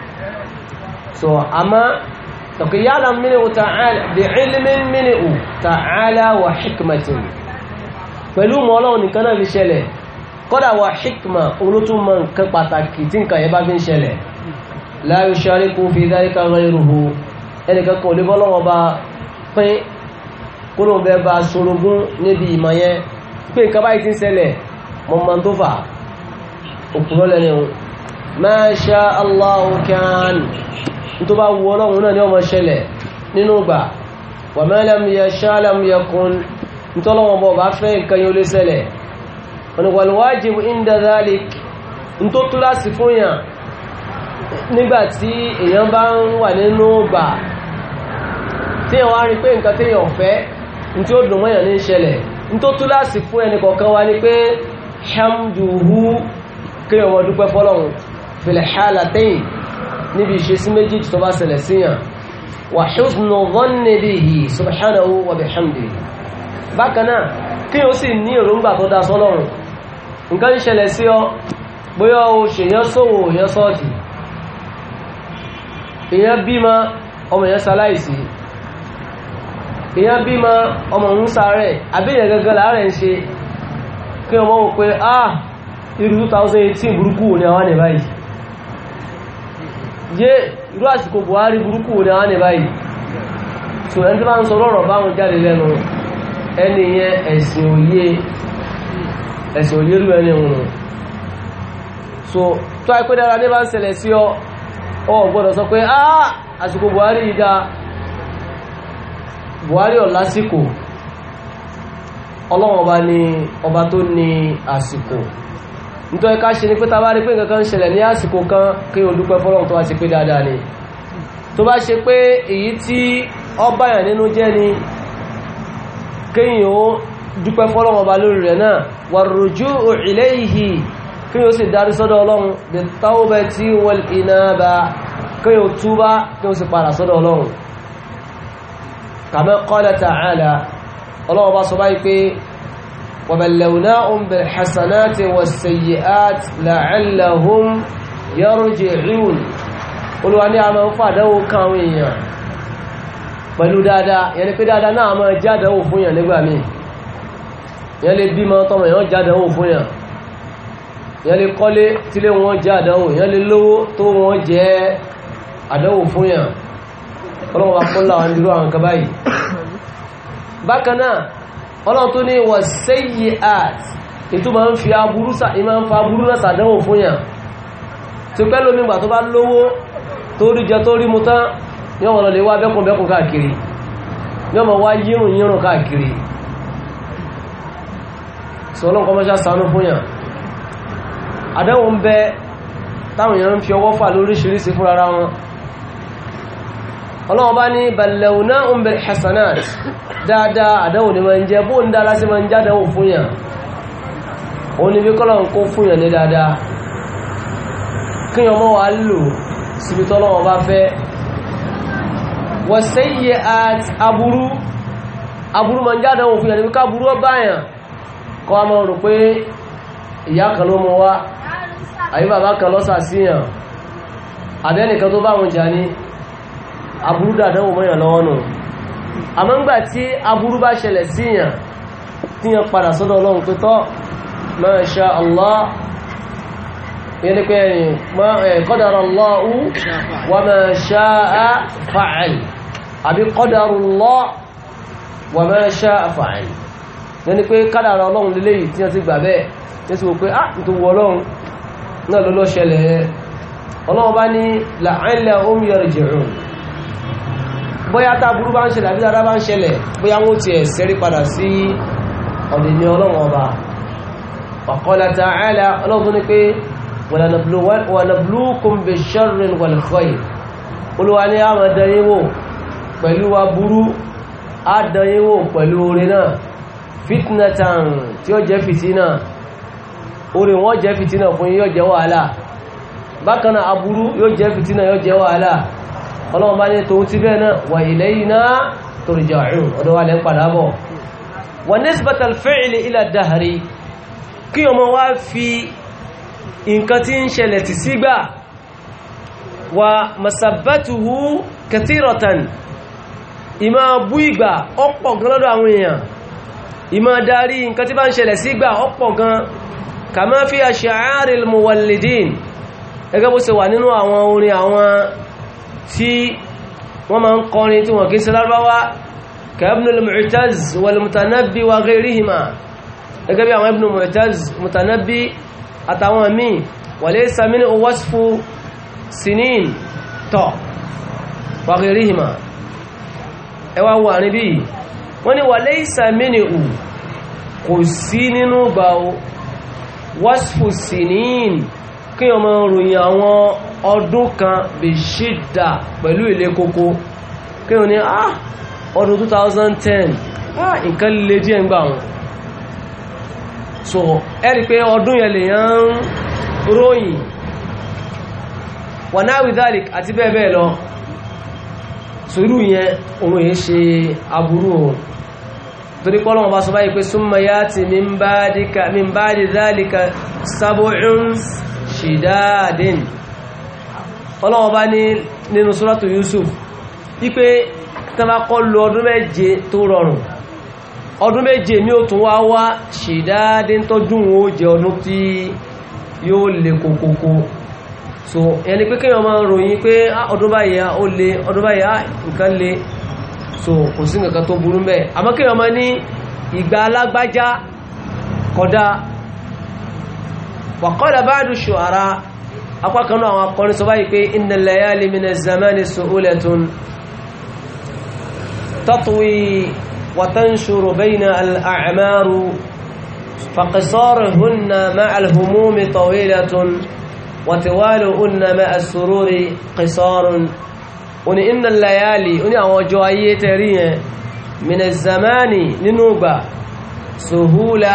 so àmọ́ tọ̀kì yálà mínú ta'ala bí ilmi mínú ta'ala wà hikmatin pẹ̀lú mọ́ ọlọ́run nìkan náà fi ṣẹlẹ̀ kọ́dà wà hikma olótúmọ̀ nǹkan pàtàkì tí nǹkan yẹn bá fi ń ṣẹlẹ̀ la yushariku fi dhalika ghayruhu ẹnìkan kan ò lè ma sha Allahu kan tó bá wù ọlọ́run náà ni ọmọ ṣẹlẹ̀ nínú gbà wa ma lam yasha lam yakun ntọ́lọ́wọ́n bọ̀ bá fẹ́ nǹkan yóò lè ṣẹlẹ̀ wal wajib inda dhalik tó túláàsì fún yàn nígbàtí èèyàn bá ń wà nínú gbà tí èèyàn wá rí pé nǹkan tí fìlẹ̀ xaalatain níbi ìṣesí méjèèjì tó bá ṣẹlẹ̀ síyàn wà husnu dhanni bihi subhanahu wa bihamdihi bákan náà kí o sì ní èròǹgbà tó dá sọ́lọ́run nǹkan ń ṣẹlẹ̀ sí ọ bóyá o ṣèyàn sówò èyàn sọ́ọ̀tì èyàn bímọ ọmọ èyàn ṣaláìsí èyàn bímọ ọmọ òun sáré àbíyàn gẹ́gẹ́ láàrẹ̀ ń ṣe kí ọmọ 2018 ah, burúkú ni àwọn ní yé irú àsìkò buhari burúkú ní àwọn ìbáyìí so ẹni tí bá ń sọ lọ́rọ̀ báwọn jáde lẹ́nu ẹni yẹn ẹ̀sìn òye ẹ̀sìn òye ẹni so tó dára ní bá ń sí ọ ọ sọ pé ah, àsìkò buhari yìí buhari ọ̀ lásìkò ọlọ́wọ́n ọba ni ọba tó ní àsìkò nítorí ká ṣe ni pé tàbá rí pé nǹkan kan ṣẹlẹ̀ ní àsìkò kan kí o dúpẹ́ fọ́lọ́run tó wá ṣe pé dáadáa ni tó bá ṣe pé èyí tí ọ báyàn nínú jẹ́ ni kéyìn ó dúpẹ́ fọ́lọ́run ọba lórí rẹ̀ náà warrujuu ilayhi kéyìn ó sì darí sọ́dọ̀ ọlọ́run bit tawbati wal inaba kéyìn ọlọ́run bá sọ báyìí pé وبلوناهم بالحسنات والسيئات لعلهم يرجعون قلوا أني أما فادوا كاويا pẹ̀lú dáadáa yẹni pé dáadáa náà máa jádẹ̀wò fún yàn nígbà míì yẹn lè bímọ tọmọ yàn jádẹ̀wò fún yàn yẹn lè kọ́lé tílé wọn jádẹ̀wò yẹn lè lówó tó wọn jẹ́ àdẹ́wò fún yàn ọlọ́wọ́ akọ́lá àwọn ìlú àwọn kan báyìí bákan náà ọlọ́run tó ní wọ̀ sẹ́yì art ètò ma ń fi aburú náà sàdánwò fún yàn tí pẹ́ lómi ìgbà tó bá lówó tó rí jẹ tó rí mu tán yọ́ wọn lọ lè wá bẹ́kùnbẹ́kùn káàkiri yọ́ mọ̀ wá yírùn yírùn káàkiri sọ ọlọ́run kọ́ mọ́ṣá sànú fún yàn àdánwò ń bẹ táwọn èèyàn ń fi ọwọ́ fà ọlọ́wọ́ bá ní balẹ̀wùná umbil hasanat dáadáa àdáwò ní ma ń jẹ bóò ń dá lásì ma ń jádáwò fún yàn ó ní bí kọ́lọ̀ ń kó fún yàn ní dáadáa kí ọmọ wa lò síbi tọ́lọ́wọ́ bá fẹ́ wọ̀sẹ́yẹ àti aburú aburú ma ń jádáwò fún yàn níbi káburú kọ́ a máa rò pé ìyá kan ló mọ wá aburú dáadáa wò mọ́yàn lọ́wọ́ nù àmọ́ ńgbà tí aburú bá ṣẹlẹ̀ síyàn tíyàn padà sọ́dọ̀ ọlọ́run pé tọ́ Masha Allah yẹn ni pé ẹ̀yìn qadara Allahu wa ma sha'a fa'al àbí qadara Allah wa ma sha'a fa'al yẹn ni pé kádàrà ọlọ́run lélẹ́yìí tíyàn ti gbà bẹ́ẹ̀ yẹn ti bóyá tá burú bá ń ṣẹlẹ̀ àbí dáadáa bá ń ṣẹlẹ̀ bóyá wọ́n ti ẹ̀ sẹ́rí padà sí ọ̀dẹ̀ ní ọlọ́run ọba wa qala ta'ala ọlọ́run ní pé wa nabluukum bish-sharri wal-khayr olúwa ní àwọn adẹ́yìnwó pẹ̀lú wa burú ọlọ́run bá ní tòun ti bẹ́ẹ̀ náà wa ilayna turja'un ọ̀dọ̀ wa lẹ́ ń padà bọ̀ wa nisbatal fi'li ila dahri kí ọmọ wá fi nǹkan tí ń ṣẹlẹ̀ tì sígbà wa masabbatuhu katiratan ìmá bú ìgbà ọ̀pọ̀ gan lọ́dọ̀ àwọn èèyàn ìmá darí nǹkan tí wọ́n máa ń kọrin tí wọ́n kí sí lárúbáwá kẹ́bùnul Mu'taz wal Mutanabbi wa ghayrihima gẹ́gẹ́ bí àwọn Ibn Mu'taz Mutanabbi àtàwọn míì walaysa min wasfu sinin tọ̀ wa ghayrihima ẹwà wà níbí wọ́n ni walaysa min ù kò sí nínú gbà wasfu sinin kí ọmọ ròyìn àwọn ọdún kan bí ṣídà pẹ̀lú ilé kókó kí o ní ah ọdún 2010 ah nǹkan lè díẹ̀ ń gbà wọn so ẹ̀rí pé ọdún yẹn lè yàn ń ròyìn wà náà wìdálìk àti bẹ́ẹ̀ bẹ́ẹ̀ lọ sùúrù yẹn òun èé ṣe aburú o torí pọ́lọ̀ ọba sọ báyìí pé súnmọ̀ yá ti min ba'di dhalika shidadin ọlọ́wọ́ bá ní nínú suratu Yusuf wípé tánbá kọ́ lọ ọdún méje tó rọrùn ọdún méje ní ó tún wá wá shidadin tọ́jú wọn ó jẹ ọdún tí yóò le kòkòkò so ẹni pé kéèyàn máa ń ròyìn pé ah, ọdún báyìí ah, ó le ọdún báyìí ah, nǹkan le so kò sí nǹkan tó burú mẹ́ àmọ́ kéèyàn máa ní ìgbà alágbájá kódà wàkọ́lá bá dùn ṣùhárá apákanú àwọn akọrin sọ báyìí pé iná lẹ́yàlì mìíràn zamani sòhúlẹ̀ tún tọ́tùwì wàtánṣòro bẹ́yìn al'àmàrù فقصارهن مع الهموم طويلة وطوالهن مع السرور قصار ó ní iná layali ó ní àwọn ọjọ́ ayé tẹ̀rí yẹn minazamani nínú gbà sòhúlà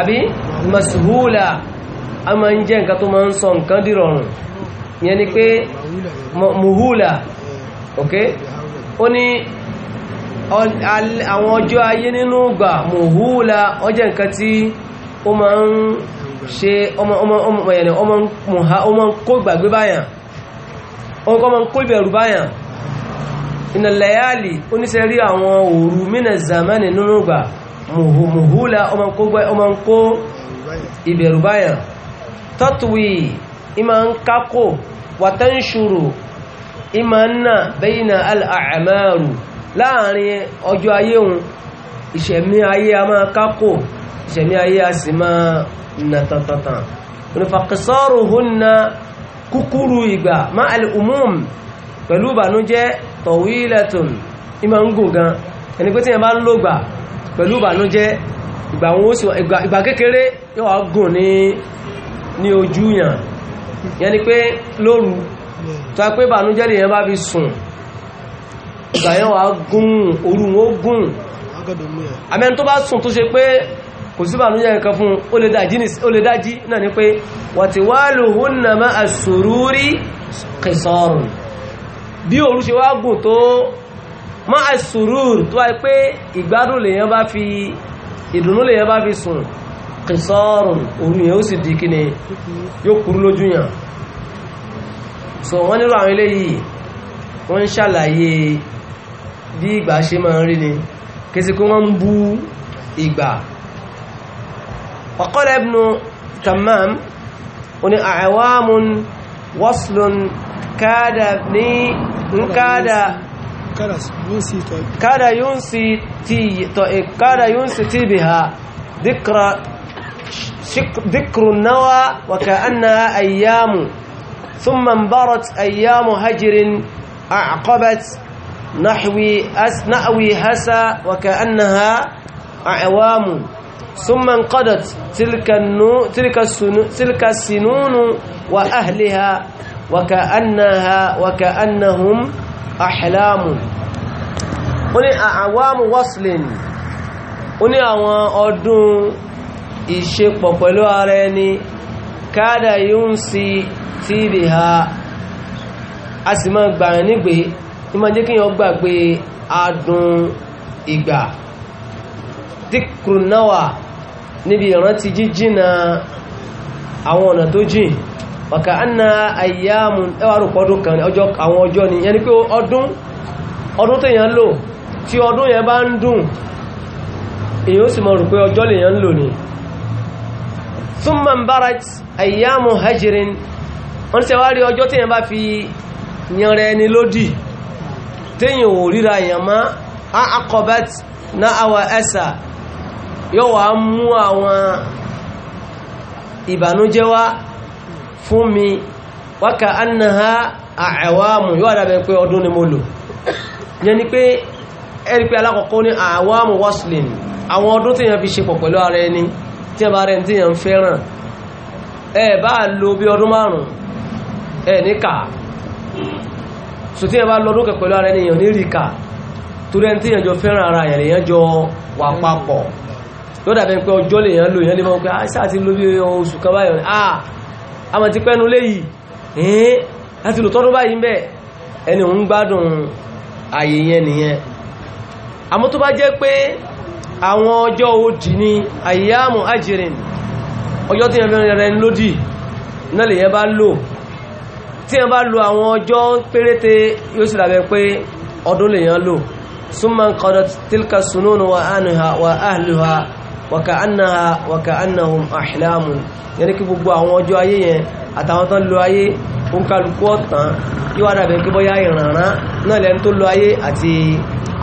àbí masuhula a máa ń jẹ́ nǹkan tó máa ń sọ nǹkan dìrọ̀rùn yẹn ni pé muhula ok ó ní àwọn ọjọ́ ayé nínú ìgbà muhula ó jẹ́ nǹkan tí ó máa ń ṣe ọmọ ń kó ìgbàgbé báyàn ọmọ ń kó ìbẹ̀rù báyàn iná layali oníṣẹ́ rí àwọn òru mínà zamani nínú ìgbà muhula ọmọ ń kó ìbẹ̀rù báyà tọ́tùwì ìmọ̀ ń kákò wàtánṣùrù ìmọ̀ ń nà bẹ́yìnà al'àmàrù láàrin ọjọ́ ayé hun ìṣẹ̀mí ayé a máa kákò ìṣẹ̀mí ayé a sì máa nà tàntàntàn onífàkìsọ́rù hún na kúkúrú ìgbà ma al'umum pẹ̀lú ìbànújẹ́ tọ̀wílẹ̀tùn ìmọ̀ ń gùn gan ẹni pé tí yẹn bá ń lògbà pẹ̀lú ìbànújẹ́ ìgbà wọn ó sì ìgbà kékeré yóò gùn ní ní ojú yàn yẹn ni pé lóru tó a pé bànújẹ́ lè yẹn bá fi sùn ìgbà yẹn wà gùn òru wọn ó gùn àmẹ́ni tó bá sùn tó ṣe pé kò sí bànújẹ́ nǹkan fún ó lè dájí náà ni pé wàtíwálùhúnnà má a sùúrúrí kìsọ̀rùn bí òru ṣe wá gùn tó má a sùúrúrù tó wáyé pé ìgbádùn lèyàn bá fi ìdùnnú lè yẹn bá fi sùn kìsọ́ọ̀rùn òru yẹn ó sì di kíni yóò kúrú lójú yàn so wọ́n nílò àwọn eléyìí wọ́n ń ṣàlàyé bí ìgbà ṣe máa ń rí ni kìsì kí wọ́n ń bú ìgbà ọ̀kọ́lẹ̀ ibnu tamam oní àwámun waslun káàdà ní ń káàdà ينسي كان ينسي تي كان ينسي بها ذكرى ذكر النوى وكأنها أيام ثم انبرت أيام هجر أعقبت نحوي أس نأوي هسى وكأنها أعوام ثم انقضت تلك النو تلك السنون تلك السنون وأهلها وكأنها وكأنهم ahlamu ó ní àwámù waslin ó ní àwọn ọdún ìṣepọ̀ pẹ̀lú ara ẹni káàdà yóò ń si tíìbì ha a sì máa gbàyàn nígbè ní máa jẹ́ kí yàn gbàgbé adùn ìgbà dìkrùnáwà níbi ìrántí jíjìnà àwọn ọ̀nà tó jìn ọ̀kà anna ayyamu ẹwàrùpọ̀ ọdún kan ọdụ ka ni yẹni pé ọdún ọdún tèyàn lò tí ọdún yẹn bá ń dùn èyí ó sì mọ̀ rò pé ọjọ́ lèyàn lò ní thumma barat ayyamu hajjirin wọ́n tẹ́ wá rí ọjọ́ tèyàn bá fi yanrẹ ẹni lódì tèyàn ò ríra èyàn má a akọbat na awa fún mi wákà annaha àwàmù yóò dábẹ̀ pé ọdún ni mo lò yẹn ni pé ẹ̀rí pé alákọ̀ọ́kọ́ ní àwàmù waslin àwọn ọdún tí yẹn fi ṣe pọ̀ pẹ̀lú ara ẹni tí yẹn bá rẹ̀ tí yẹn ń fẹ́ràn ẹ bá lo bí ọdún márùn ẹ ní kà so tí yẹn bá lọ lókè pẹ̀lú ara ẹni yẹn ní rí kà torí ẹni tí yẹn jọ fẹ́ràn ara yẹn lèyẹn jọ wà papọ̀ yóò dábẹ̀ pé ọjọ́ lèyẹn lò yẹn lè mọ̀ pé àìsà ah, ti lo oṣù kan báyọ̀ ah àmọ́ ti pẹ́nu lé yìí ẹ̀ẹ́n láti lò tọ́dún báyìí bẹ́ẹ̀ ẹni òun gbádùn ààyè yẹn nìyẹn àmọ́ tó bá jẹ́ pé àwọn ọjọ́ òdì ni àyàmù ajirin ọjọ́ tí yẹn fẹ́ràn rẹ̀ lódì náà lè yẹn bá lò tí yẹn bá lo àwọn ọjọ́ péréte yóò sì làbẹ́ pé ọdún lè yẹn lò súnmọ́ nǹkan tilka sununu wa ahluha wàkàánàá wàkàánàhùn àhìláàmù yẹni kí gbogbo àwọn ọjọ́ ayé yẹn àtàwọn tán lo ayé ń kálukú ọ̀tàn kí wá dàbẹ̀ kí bọ́yá ìrànràn náà lẹ́ni tó lo ayé àti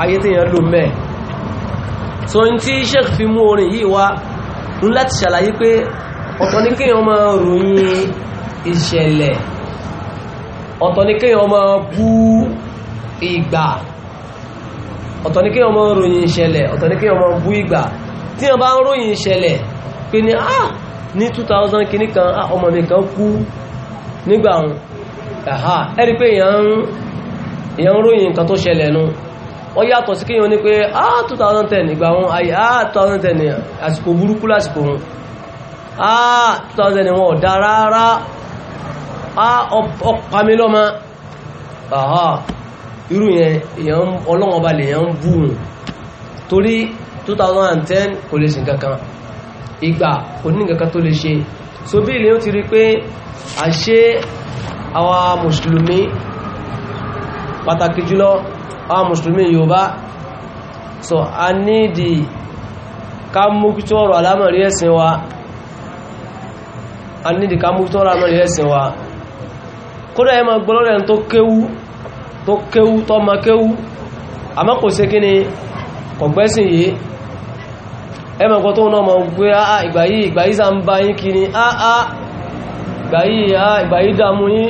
ayé tí yẹn lò mẹ́ so n tí sheikh fi mú orin yìí wá ń láti ṣàlàyé pé ọ̀tọ̀ ní kéèyàn máa ròyìn ìṣẹ̀lẹ̀ ọ̀tọ̀ ní kéèyàn máa bú ìgbà ọ̀tọ̀ ní kéèyàn máa ròyìn ìṣẹ̀lẹ̀ ọ̀tọ̀ ní kéèyàn máa bú ìgbà tí wọ́n bá ń ròyìn ìṣẹ̀lẹ̀ pé ní ah ní 2000 kìíní kan ah, ọmọ mi kan kú nígbà wọn ẹ̀hà ẹ̀rí pé èèyàn ń ròyìn nǹkan tó ṣẹlẹ̀ nu wọ́n yàtọ̀ sí kéèyàn ní pé ah 2010 ìgbà wọn ayé ah 2010 àsìkò burúkú lásìkò ah, wọn ah 2010 wọn ọ̀dá rárá ah ọ̀pamílọ́mọ ẹ̀hà irú yẹn ọlọ́wọ́n balẹ̀ yẹn ń bú torí 2010 kò lè ṣe kankan ìgbà kò ní kankan tó lè ṣe so bí ilé ó ti rí pé àṣẹ àwa mùsùlùmí pàtàkì jùlọ àwa mùsùlùmí yorùbá so a nídi ká mójútó ọ̀rọ̀ alámọ̀rí ẹ̀sìn wa a nídi ká mójútó ọ̀rọ̀ alámọ̀rí ẹ̀sìn wa kódà ẹ máa gbọ́lọ́rẹ̀ ẹni tó kéwú tó kéwú tó ma kéwú àmọ́ kò ṣe kí ni kọ̀gbẹ́sìn yìí ẹmọ nǹkan tó ń náà mọ̀ pé àà ah, ah, ìgbàyí ìgbàyí sá ń bá yín kiri àà ah, ìgbàyí àà ìgbàyí dámú yín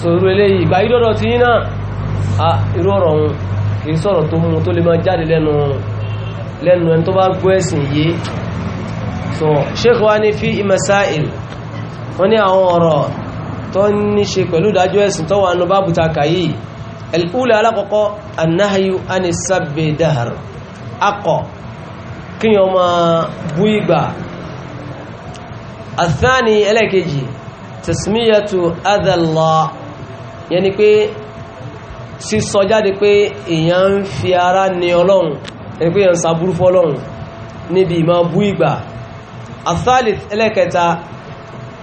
sòrò eléyìí ìgbàyí dọ́dọ̀ tí yín náà à irú ọ̀rọ̀ òun kì í sọ̀rọ̀ tó mú tó lè máa jáde lẹ́nu lẹ́nu ẹni tó bá gbọ́ ẹ̀sìn yìí so sheikh wa ní fi masail wọ́n ní àwọn ọ̀rọ̀ tó ní ṣe pẹ̀lú ìdájọ́ ẹ̀sìn tó wà nù bá bùtàkà yìí al-ula alákọ̀ọ́kọ́ annahayu anisabbe akọ̀ kíyàn ma bú ìgbà àtàní ẹlẹ́kejì tasmiyatu adàlá yẹn ni pé sísọ jáde pé èyàn ń fi ara ní ọlọ́run ẹni pé èyàn ń sàbúrú fọ́lọ́run níbi ìmọ̀ bú ìgbà àtàlì ẹlẹ́kẹta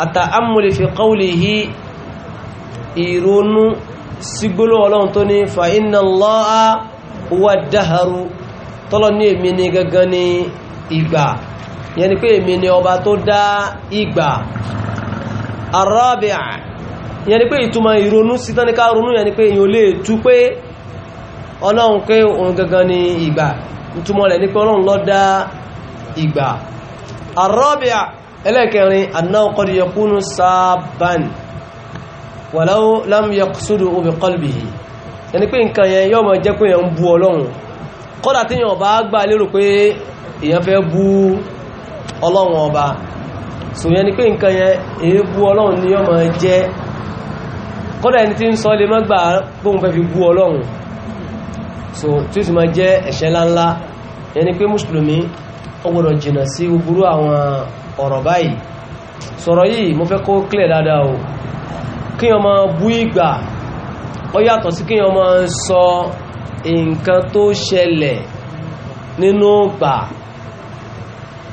àtàámúlì fi qawlihi ìrònú sígbóló ọlọ́run tó ní fa inna Allaha tọ́lọ ní èmi ni gangan ni ìgbà yẹn ni pé èmi ni ọba tó dá ìgbà arọ́bìà yẹn ni pé ìtumọ̀ ìrònú sítáníká ronú yẹn ni pé èyàn lè tú pé ọlọ́run pé òun gangan ni ìgbà ìtumọ̀ rẹ̀ ni pé ọlọ́run ló dá ìgbà arọ́bìà ẹlẹ́kẹrin annáwó kọ́dí yakúnú sábàn wàláwó yẹn ni pé nǹkan yẹn yọ́ kọ́dà tí yàn bá gbà lérò pé èyàn fẹ́ bú ọlọ́run ọba sòyẹn ni pé nǹkan yẹn èébú ọlọ́run ni yọ́mọ jẹ́ kọ́dà ẹni tí ń sọ lè mọ́gbà bóun fẹ́ fi bú ọlọ́run so tí ó sì máa jẹ́ ẹ̀ṣẹ̀ láńlá yẹn ni pé mùsùlùmí ó gbọ́dọ̀ jìnà sí gbogbo àwọn ọ̀rọ̀ báyìí sọ̀rọ̀ yìí mo fẹ́ kó clear dáadáa o kí yàn máa bú ìgbà ó yàtọ̀ sí kí yàn máa sọ nǹkan tó ṣẹlẹ̀ nínú gbà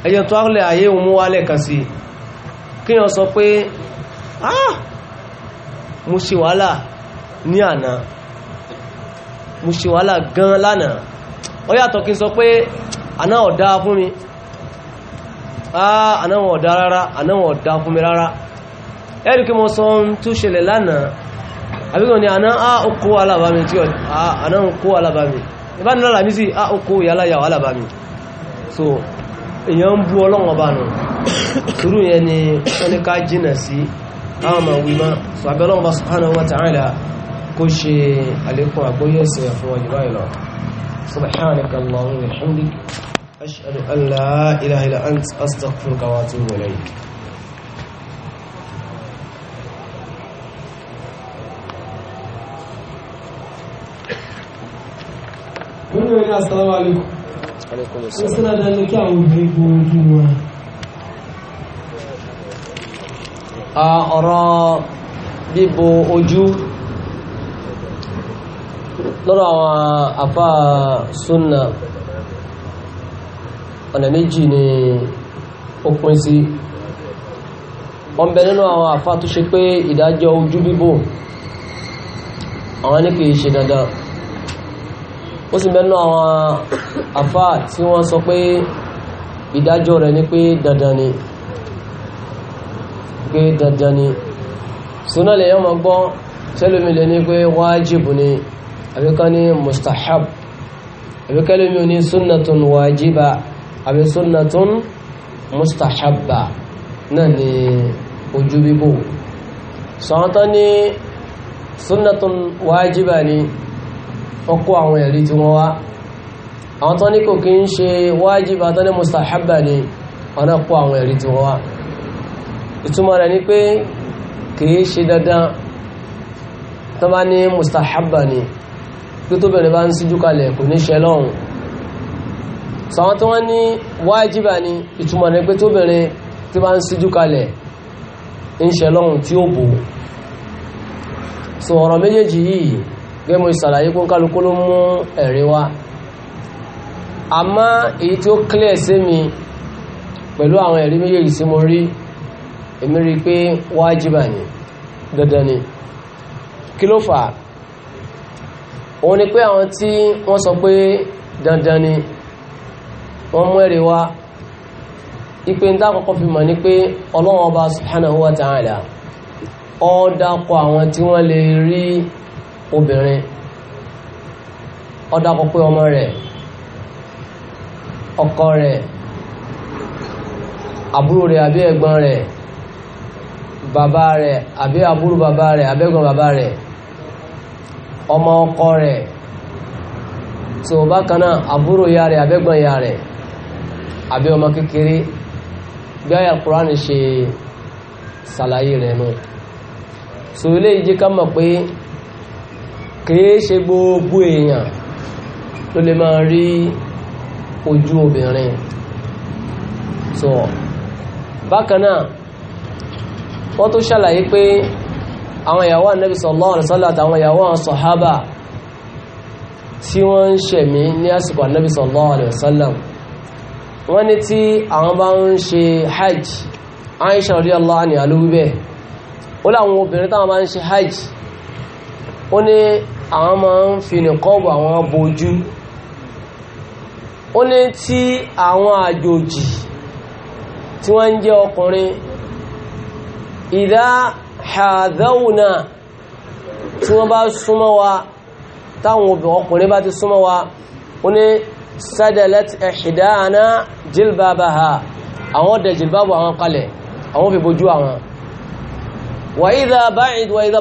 ẹjọ́ tó ayé òun kan sí kí wọ́n sọ pé ah mo ṣe wàhálà ní gan lánàá ó yàtọ̀ kí n sọ pé àná ọ̀dá fún mi ah àná wọn ọ̀dá rárá àná wọn ọ̀dá fún mi rárá sọ ohun tó ṣẹlẹ̀ lánàá àbíkọ̀ ni àná á okó alábàmì tí àná okó alábàmì ìbánilọ́la mi sí á okó yàláyàwó alábàmì so èyàn ń bú ọlọ́wọ́ bá nù sùúrù yẹn ni wọ́n ní ká jìnà sí àwọn ọmọ wímá so àbẹ́lọ́wọ́ bá subhanahu wa ta'ala kó ṣe àlékún àgbóyẹ̀sẹ̀ fún ọjọ́ báyìí lọ subhanaka allahumma wa bihamdik ashhadu an la ilaha illa ant wọ́n ní wọ́n ní asalamu alaikum wọ́n sínú adá ní kí àwọn obìnrin gbọ́ ojú wọn. ọ̀rọ̀ bíbo ojú lọ́rọ̀ àwọn àfá súnà ọ̀nà méjì ni ó pín sí wọ́n bẹ nínú àwọn àfá tó ṣe pé ìdájọ́ ojú bíbò àwọn ní kìí ṣe dandan ó sì bẹ́nu àwọn àfá tí wọ́n sọ pé ìdájọ́ rẹ̀ ni pé dandan ni pé dandan ni súnà lè yọ́ mọ́ gbọ́ sẹ́lómi ní pé wájìbù ni àbíkan ní mustahab àbíkan lè ní sunnatun wájìbà àbí sunnatun mustahabba náà ni ojú bíbò sọ́ntán ní sunnatun wájìbà ni wọ́n kó àwọn ẹ̀rí tí wọ́n wá àwọn tó ní kò kí ń ṣe wájib àtọ́ ní mustahabba ni wọ́n náà kó àwọn ẹ̀rí tí wọ́n wá ìtumọ̀ rẹ̀ ni pé kìí ṣe dandan tó bá ní mustahabba ni pé tó bẹ̀rẹ̀ bá ń síjú kalẹ̀ kò ní ṣe lọ́hùn sọ̀wọ́n tó wọ́n ní wájibà ni ìtumọ̀ rẹ̀ pé tó bẹ̀rẹ̀ tó bá ń síjú kalẹ̀ ń ṣe lọ́hùn tí méjèèjì yìí gẹ́gẹ́ mo ṣàlàyé kó kálukú ló mú ẹ̀rí wá àmọ́ èyí tí ó clear sí mi pẹ̀lú àwọn ẹ̀rí méjèèjì sí mo rí èmi rí pé wájibà ni dandan ni kí ló fà á òun ni pé àwọn tí wọ́n sọ pé dandan ni wọ́n mú ẹ̀rí wá ipe ní àkọ́kọ́ fi mọ̀ ní pé Ọlọ́hun Ọba subhanahu wa ta'ala ó dákọ̀ àwọn tí wọ́n lè rí obìnrin ọdọ akọpẹ ọmọ rẹ̀ ọkọ rẹ̀ àbúrò rẹ̀ àbí ẹ̀gbọ́n rẹ̀ bàbá rẹ̀ àbí àbúrò bàbá rẹ̀ àbẹ̀gbọ́n bàbá rẹ̀ ọmọ ọkọ rẹ̀ tó bákan náà àbúrò ya rẹ̀ àbẹ̀gbọ́n ya rẹ̀ àbí ọmọ kékeré bí àyà Kùránì ṣe ṣàlàyé rẹ̀ nù. sòwélé yìí jẹ́ ká mọ̀ pé kìí ṣe gbogbo èèyàn ló lè máa rí ojú obìnrin so bákan náà wọ́n tó ṣàlàyé pé àwọn ìyàwó ànábì sallallahu alaihi wasallam àtàwọn ìyàwó àwọn sọ̀hábà tí wọ́n ń ṣẹ̀mí ní àsìkò ànábì sallallahu alaihi wasallam wọ́n ní tí àwọn bá ń ṣe hajj Aisha radiyallahu anha ló wí bẹ́ẹ̀ ó láwọn obìnrin táwọn bá ń ṣe hajj ó ní àwọn máa ń fi nìkọ́ọ̀bù àwọn bojú ó ní tí àwọn àjòjì tí wọ́n ń jẹ́ ọkùnrin ìdá hadawna tí wọ́n bá súnmọ́ wa táwọn ọkùnrin bá ti súnmọ́ wa ó ní sadalat ihdana jilbabaha àwọn ọdẹ jilbabu àwọn kalẹ̀ àwọn fi bojú àwọn wa idha ba'id wa idha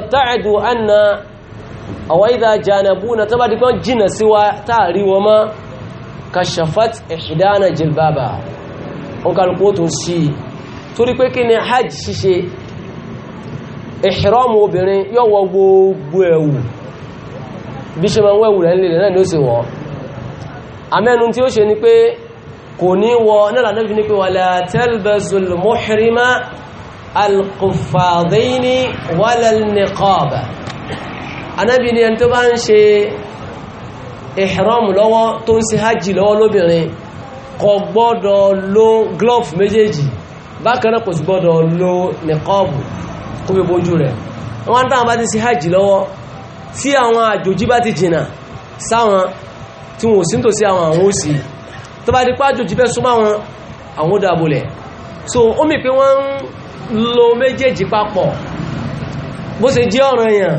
àwọn ìdá jànàbú na tàbí kan jìnà síwá táàrí wọn má kashafat ihdana jilbaba wọn kàlùkù tó sí torí pé kí ni hajj ṣíṣe ìṣìrọ́mù obìnrin yóò wọ gbogbo ẹ̀wù bí ṣe ma ń wẹ̀wù rẹ̀ nílẹ̀ náà al-quffadaini wala al-niqaba anábi ni ẹni tó bá ń ṣe ìhìrọ́mù lọ́wọ́ tó ń ṣe hajji lọ́wọ́ lóbìnrin kò gbọ́dọ̀ lo glove méjèèjì bákanáà kò sì gbọ́dọ̀ lo nìkọ́ọ̀bù kó fi bójú rẹ̀ wọ́n táwọn bá ti ṣe hajji lọ́wọ́ tí àwọn àjòjì bá ti jìnà sáwọn tí wọ́n sí tòsí àwọn àwọn òsì tó bá di pé àjòjì fẹ́ súnmọ́ àwọn àwọn ó so ó pé wọ́n ń lo méjèèjì papọ̀ bó ṣe jẹ́ ọ̀ràn èèyàn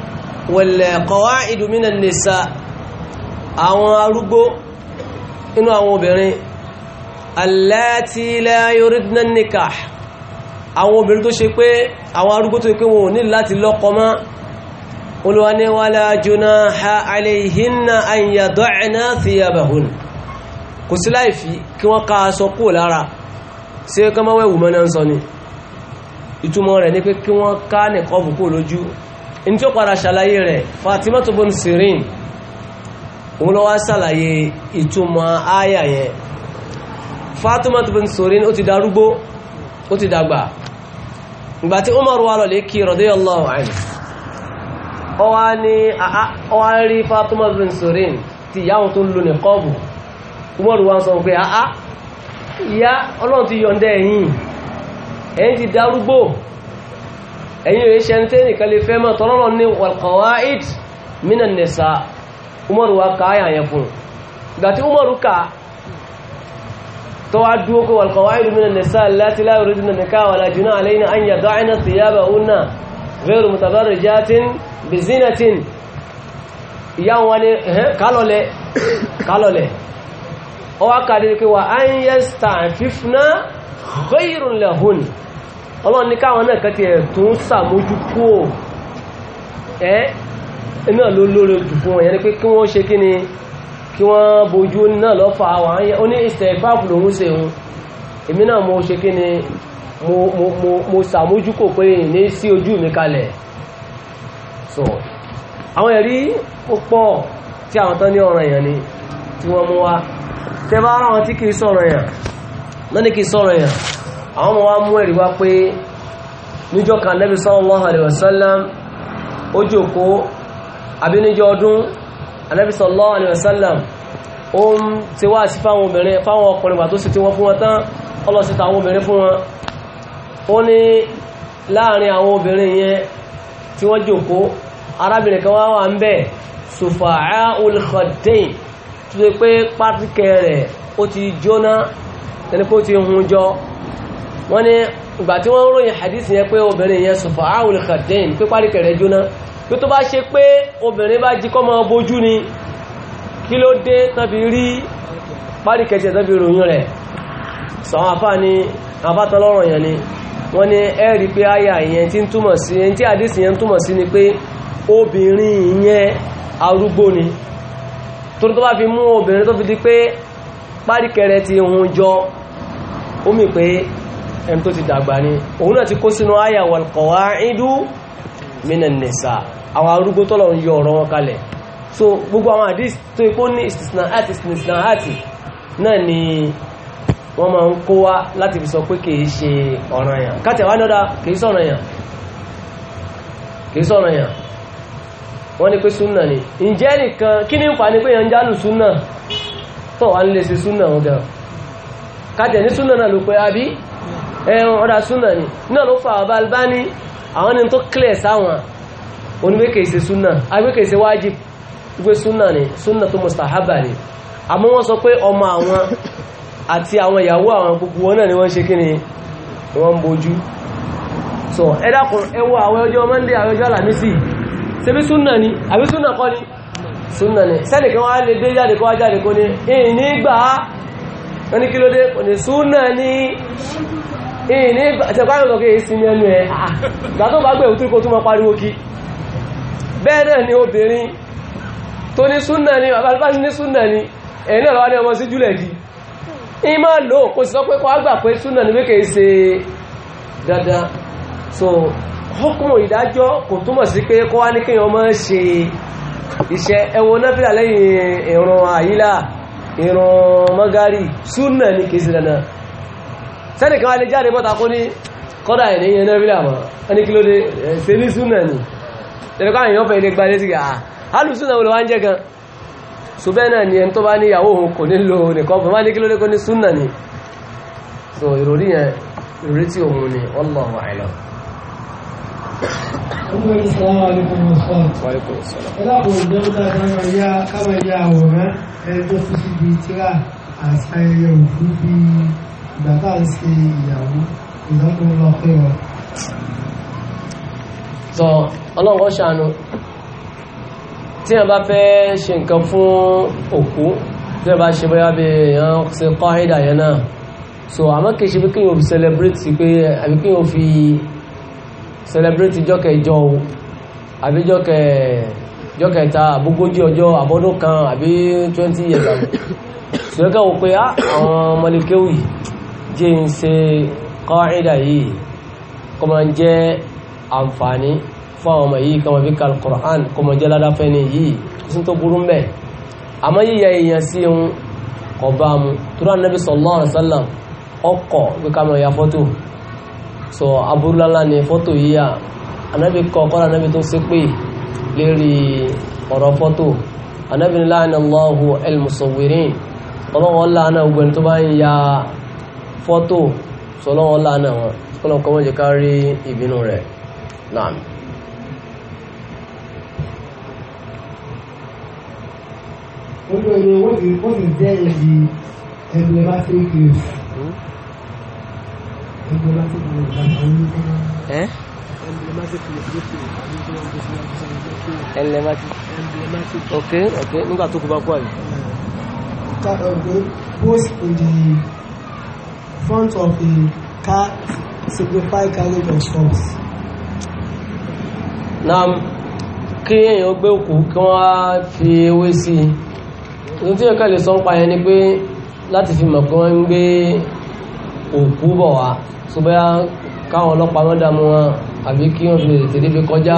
walqawaidu minan nisa àwọn arúgbó inú àwọn obìnrin allati la yuridna nikah àwọn obìnrin tó ṣe pé àwọn arúgbó tó pé wọn ò ní láti lọ́kọ mọ́ olúwa ní wala junaha alayhinna an yada'na thiyabahun kò sí láìfí kí wọ́n ìtumọ̀ rẹ̀ ní pé kí wọ́n ká nìkọ́ bùkú lójú ní tí ó padà ṣàlàyé rẹ̀ Fatimatu nsorin Sirin òun lọ́wọ́ ṣàlàyé ìtumọ̀ àyà yẹn Fatimatu bun ó ti darúgbó ó ti dàgbà ìgbà tí Umar wà lọ lè kí radiyallahu ọ ọwá ní ọwá rí Fatimatu ti ìyá tó ní kọ́ọ̀bù Umar wà sọ pé ọlọ́run ti ẹ̀yìn ti darúgbó ẹ̀yìn rẹ̀ ṣe ń tẹ́ nìkan lè fẹ́ mọ́ tọ́rọ̀lọ́ ní walqawaid minan nisa umaru wa ká yà yẹn fún ìgbà tí umaru ká tó wá dúó kó walqawaid minan nisa láti la yuridna nikaha wala junaha alayna an yada'na thiyabahunna ghayra mutabarrijatin ọlọ́run ní káwọn náà kan ti ẹ̀ tó ń sàmójú kú ò ẹ́ náà ló lóore jù fún wọn yẹn ni pé kí wọ́n ṣe kí ni kí wọ́n bojú náà lọ́fà wà ó ní ìsẹ̀ ìfáàpù lòún ṣe òun èmi náà mo ṣe kí ni mo sàmójú kò pé ní sí ojú mi kalẹ̀ so àwọn ẹ̀rí ó pọ̀ tí àwọn tán ní ọ̀ràn èèyàn ni tí wọ́n mú wa tẹ́ bá ara wọn tí kì í sọ̀rọ̀ èèyàn lọ́ní kì í sọ̀rọ̀ èèyàn àwọn ọmọ wa mú ẹ̀rí wá pé níjọ́ kan Nabi sallallahu alaihi wasallam ó jòkó àbí níjọ́ ọdún Nabi sallallahu alaihi wasallam ó ń ti wá sí fáwọn obìnrin fáwọn ọkùnrin wà tó sì ti wọ́n fún wọn tán ọlọ́sí táwọn obìnrin fún wọn ó ní láàrin àwọn obìnrin yẹn tí wọ́n jòkó arábìnrin kan wá wà ń pé pátíkẹ̀ rẹ̀ ó ti jóná ẹni pé ti hun jọ wọ́n ní ìgbà tí wọ́n ń ròyìn hadith yẹn pé obìnrin yẹn sọ̀fọ̀ áwùl kàdín pé páríkẹ̀ rẹ̀ jóná pé tó bá ṣe pé obìnrin bá jí kọ́ máa bójú ni kí ló dé tán fi rí páríkẹ̀ tiẹ̀ tán fi ròyìn rẹ̀ sọ àwọn afá ni àbátan lọ́rọ̀ yẹn ẹni tó ti dàgbà ni òun náà ti kó sínú àyà wal qawaidu minan nisa àwọn arúgbó tọ́lọ̀ ń yọ ọ̀rọ̀ wọn kalẹ̀ so gbogbo àwọn àdís tó ipò ní istisnaati istisnaati náà ni wọ́n máa ń kó wá láti fi sọ pé kìí ṣe ọ̀ranyàn kátẹ̀wá ní ọ̀dá kìí sọ̀ranyàn kìí sọ̀ranyàn wọ́n ní pé súnà ni ǹjẹ́ nìkan kí ní ń fa ni náà ló pé àbí ẹ̀hún eh, ọ̀dà súnà ni náà ló fa ọba albani àwọn ni tó clear sáwọn oníbẹ̀kẹ̀ ìṣe súnà agbẹ́kẹ̀ ìṣe wájib gbé súnà ni súnà tó mustahaba ni àmọ́ wọ́n sọ pé ọmọ àwọn àti àwọn ìyàwó àwọn gbogbo wọn náà ni wọ́n ṣe kí ni wọ́n ń bojú so ẹ dákun ẹ wo àwọn ọjọ́ monday àwọn ọjọ́ alamisi ṣebí súnà ni àbí súnà kọ́ ni súnà ni sẹ́nìkan wá lè gbé jáde kó wá jáde kó ní ìnígbà wọ́n ní kí ló dé kò ní súnà ni ìní ṣẹ̀kọ́rọ̀ lọ́gẹ́ ìsinmi ẹnu ẹ̀ ah. gbàtọ́gbàgbẹ̀ òtúrikò tó máa pariwo kí bẹ́ẹ̀ náà ni obìnrin tó ní súnà ni àbálùbá ní súnà ni ẹ̀yìn náà lọ́wọ́ ní ọmọ sí jùlẹ̀ kí ní máa lò kò sí sọ kọ́ àgbà pé súnà ni wékè ṣe so hukumu ìdájọ́ kò túmọ̀ sí pé kọ́ wá ní kéèyàn máa ṣe iṣẹ́ ẹwọ náfìlà lẹ́yìn ìrun àyílà ìrun ni kì í sẹ́nìkan alẹ́ jáde bọ́ta kó ní kọ́dà ẹ̀ ní ẹnẹ́bílà mọ́ ẹni kí ló dé ṣe ní súnà ni ẹ̀rọ káwọn èèyàn fẹ́ ilé gbalẹ́ sí àà alù ah, súnà olùwà ń jẹ́ gan ṣùgbẹ́ náà ni ẹni tó bá níyàwó òun kò nílò nìkan fún wọn ní kí ló dé kó ní súnà ni so ìròrí yẹn ìròrí tí òun ni wallahu a'lam. ẹ̀rọ ìṣọ́ ìgbà tá à ń ṣe ìyàwó ìlọ́dún lọ pé wọn. sọ ọlọ́run ṣàánú tí a bá fẹ́ ṣe nǹkan fún òkú tí a bá ṣe bóyá bí èèyàn ṣe kọ́ àìdà yẹn náà so àmọ́ kì í ṣe pé kí yóò fi celebrate pé àbí kí yóò fi celebrate jọ́kẹ̀jọ́ o àbí jọ́kẹ̀ jọ́kẹ̀ta àbógójì ọjọ́ àbọ́dún kan àbí twenty years ago so ẹ kẹ́wọ́ pé ah, àwọn ọmọlẹ́kẹ́wì jẹ́ ń ṣe kọ́ìdà yìí kó máa jẹ́ àǹfààní fún àwọn ọmọ yìí kó máa fi ka alukur'an kó máa jẹ́ ládàfẹ́ ni yìí kí tó burú mbẹ́ àmọ́ yíya èèyàn sí ń kọ̀ bá mu tura nabi sallallahu alaihi wasallam ọkọ̀ bí ká máa ya fọ́tò so aburulala ni fọ́tò yíya anabi kọ́ kọ́ra anabi tó ṣe pé lérí ọ̀rọ̀ fọ́tò anabi ní láàánú allahu el musawirin ọlọ́wọ́ láàánú ọgbẹ́ni tó bá ń ya fọ́tò sọlọ́wọ́ lánà wọn kọ́lọ̀kọ́ wọ́n jẹ ká rí ìbínú rẹ̀ náà Gbogbo ẹni wọ́n sì wọ́n sì jẹ́ ẹ̀yí emblematic news. Okay, news àti onígbà. Ẹ́ emblematic post to the front of a car signify carriage of stones. naam kí èèyàn gbé òkú kí wọ́n á fi ewé sí i ohun tí èèyàn lè sọ ń pa yẹn ni pé láti fi mọ̀ pé wọ́n ń gbé òkú bọ̀ wá ṣùgbọ́n káwọn ọlọ́pàá mọ́ dààmú wọn àbí kí wọ́n fi tètè débi kọjá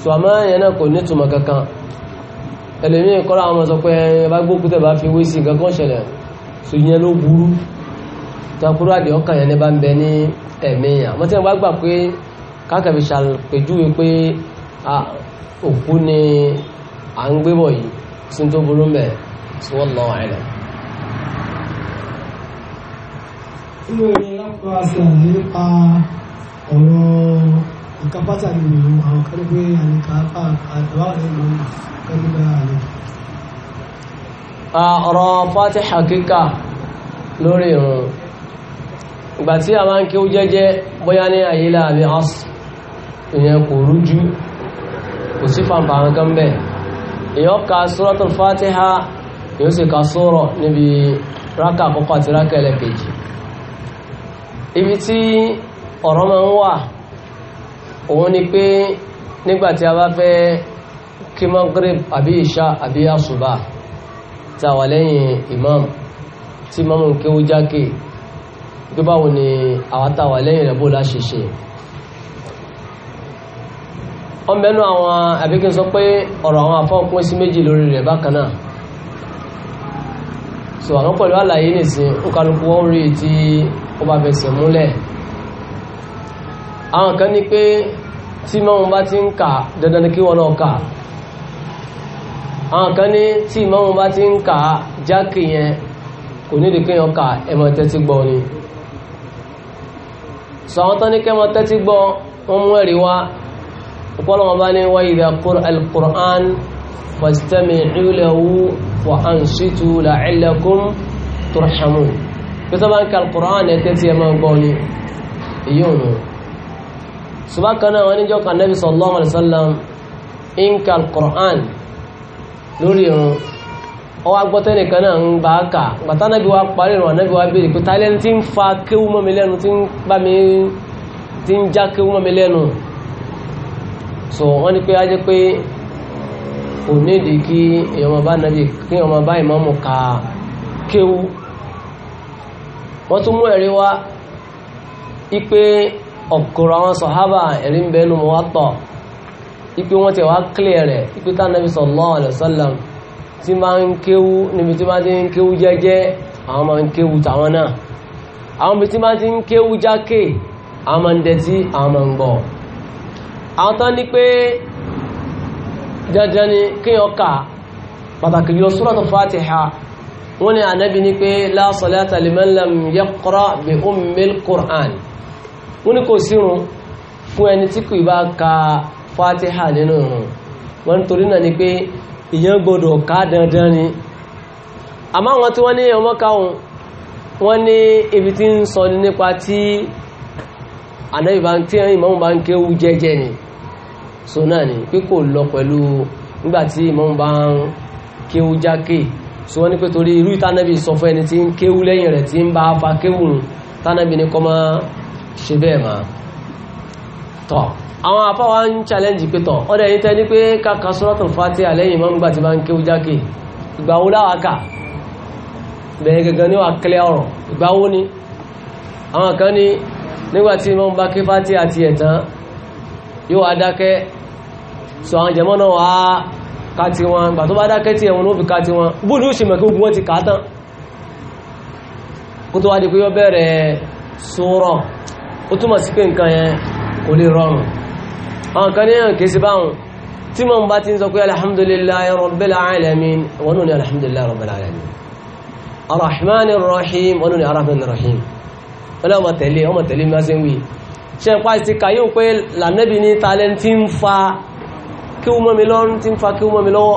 sọ àmọ́ yẹn náà kò ní ìtumọ̀ kankan ẹlòmíì kọ́ra àwọn ọmọ sọ pé ẹ bá gbókútẹ̀ bá fi wé sí nǹkan kan ṣẹlẹ̀ sọ ìyẹn ló burú tọkúrú àdì ọkàn yẹn ní bá ń bẹ ní ẹ̀mí yàn wọ́n ti wá gbà pé kákàbí ṣàpèjúwe pé òkú ni à ń gbé bọ̀ yìí sí tó burú mẹ́ tí wọ́n lọ àìlẹ̀. inú rẹ̀ lọ́pọ̀ àṣà nípa ọ̀rọ̀ nǹkan pátàkì nínú àwọn kan gbé àyíká apá àtàwà rẹ̀ lọ kan nígbà rẹ̀. ọ̀rọ̀ fatiha kíkà lórí irun ìgbà tí a máa ń kí ó jẹ́jẹ́ bóyá ní àyílá àbí asr ìyẹn kò rújú kò sí fàǹfà nǹkan bẹ́ẹ̀ èèyàn ka suratul fatiha èèyàn sì ka sura níbi rákà àkọ́kọ́ àti rákà ẹlẹ́kejì ibi tí ọ̀rọ̀ máa ń wà òun ni pé nígbà tí a bá fẹ́ kí magrib àbí ìṣá àbí àṣùbà tá lẹ́yìn imam tí imam ń kéwú jákè pé báwo ni àwọn táwà lẹ́yìn rẹ̀ bó láṣẹ ṣe wọ́n mẹ́nu àwọn àbíkí sọ pé ọ̀rọ̀ àwọn afọ́nkún sí méjì lórí rẹ̀ bákan náà so àwọn pẹ̀lú àlàyé nìsín ó kálukú wọ́n rí tí ó bá fẹsẹ̀ múlẹ̀ àwọn kan ní pé tí mọ́mú bá ti ń kà dandan ni kí wọ́n náà kà àwọn kan ní tí mọ́mú bá ti ń kà jákè yẹn kò nídìí kéèyàn kà ẹ̀mọ̀ tẹ́tí gbọ́ ni sọ àwọn tán ní kẹ́ máa tẹ́tí gbọ́ wọn mú ẹ̀rí wá ọ̀pọ̀lọpọ̀ bá ní wa idha quri'a al-Qur'an fastami'u lahu wa ansitu la'allakum turhamun bí tó bá ń ka al tẹ́tí ẹ̀ gbọ́ ni èyí ò nù subakana wani ọwá gbọ́tẹ́ nìkan náà ń bá kà bàtà náà bí wá parí ìrọ̀ náà bí wá bèèrè pé táílẹ̀ tí ń fa kéwú mọ́ mi lẹ́nu tí ń bá mi tí ń já kéwú mọ́ mi lẹ́nu so wọ́n ní pé á jẹ́ pé kò nídìí kí èèyàn bá nàbí kí èèyàn bá ìmáàmù ka kéwú wọ́n tún mú ẹ̀rí wá ipe ọ̀gọ̀rọ̀ àwọn sọ̀hábà ẹ̀rí ń bẹ́ẹ̀ nù tọ̀ ipe wọ́n ti wá kílẹ̀ rẹ̀ ipe tá tí máa ń kéwú níbi tí máa ti ń kéwú jẹ́jẹ́ àwọn máa ń kéwú tàwọn náà àwọn ibi tí máa ti ń kéwú jákè àwọn máa ń dẹtí àwọn máa ń gbọ́ àwọn ní pé dandan ni kéèyàn kà pàtàkì yóò súrátù fàtíhà wọ́n ní ànábì ní pé la salata liman lam yaqra bi ummil qur'an wọ́n ní kò sírun fún ẹni tí kò bá ka fàtíhà nínú ìrun wọ́n torí náà ni pé ìyẹn gbọdọ̀ ká dandan ni àmọ́ àwọn tí wọ́n ní ọmọ káwọn wọ́n ní ibi tí ń sọ nípa tí ànábì bá ń tí ìmáàmù bá ń kéwú jẹ́jẹ́ ni so náà ni pé kò lọ pẹ̀lú nígbà tí ìmáàmù bá ń kéwú jákè so wọ́n ní pé torí irú ìtànàbì sọ fún ẹni tí ń kéwú lẹ́yìn rẹ̀ tí ń bá fa kéwù tànàbì ní kọ́ máa ṣe bẹ́ẹ̀ máa tọ́ àwọn afáwa ń challenge pẹ̀tọ̀ ọdẹ yìí tẹ́ ní pé káka suratul Fatiha lẹ́yìn mọ́ nígbà tí máa ń kéwú jákè ìgbà wo láwàkà bẹ̀rẹ̀ gẹ̀gẹ̀ ní wà kílẹ̀ ọ̀rọ̀ ìgbà wo ni àwọn kan ní nígbà tí wọ́n bá ké Fatiha àti ẹ̀tàn yóò wá dákẹ́ sọ àwọn jẹ̀mọ́ náà wá ká ti wọn gbà tó bá dákẹ́ tí ẹ̀wọ̀n ló fi ká ti wọn bó ni ó kí ogun wọn ti kà á tán kó tó àwọn kan ní ẹ̀yàn kìí sí báhùn tí mọ̀ bá ti ń sọ pé alhamdulillahi rabbil alamin wọnú ni alhamdulillahi rabbil alamin arrahmanir rahim wọnú ni arrahmanir rahim ọlọ́mọ tẹ̀lé ọmọ tẹ̀lé mẹ́sẹ̀wì ṣe ń pàṣẹ kàyí pé lànàbí ní talẹ́ tí ń fa kí ó mọ́ mi lọ́rùn tí ń fa kí ó mọ́ mi lọ́wọ́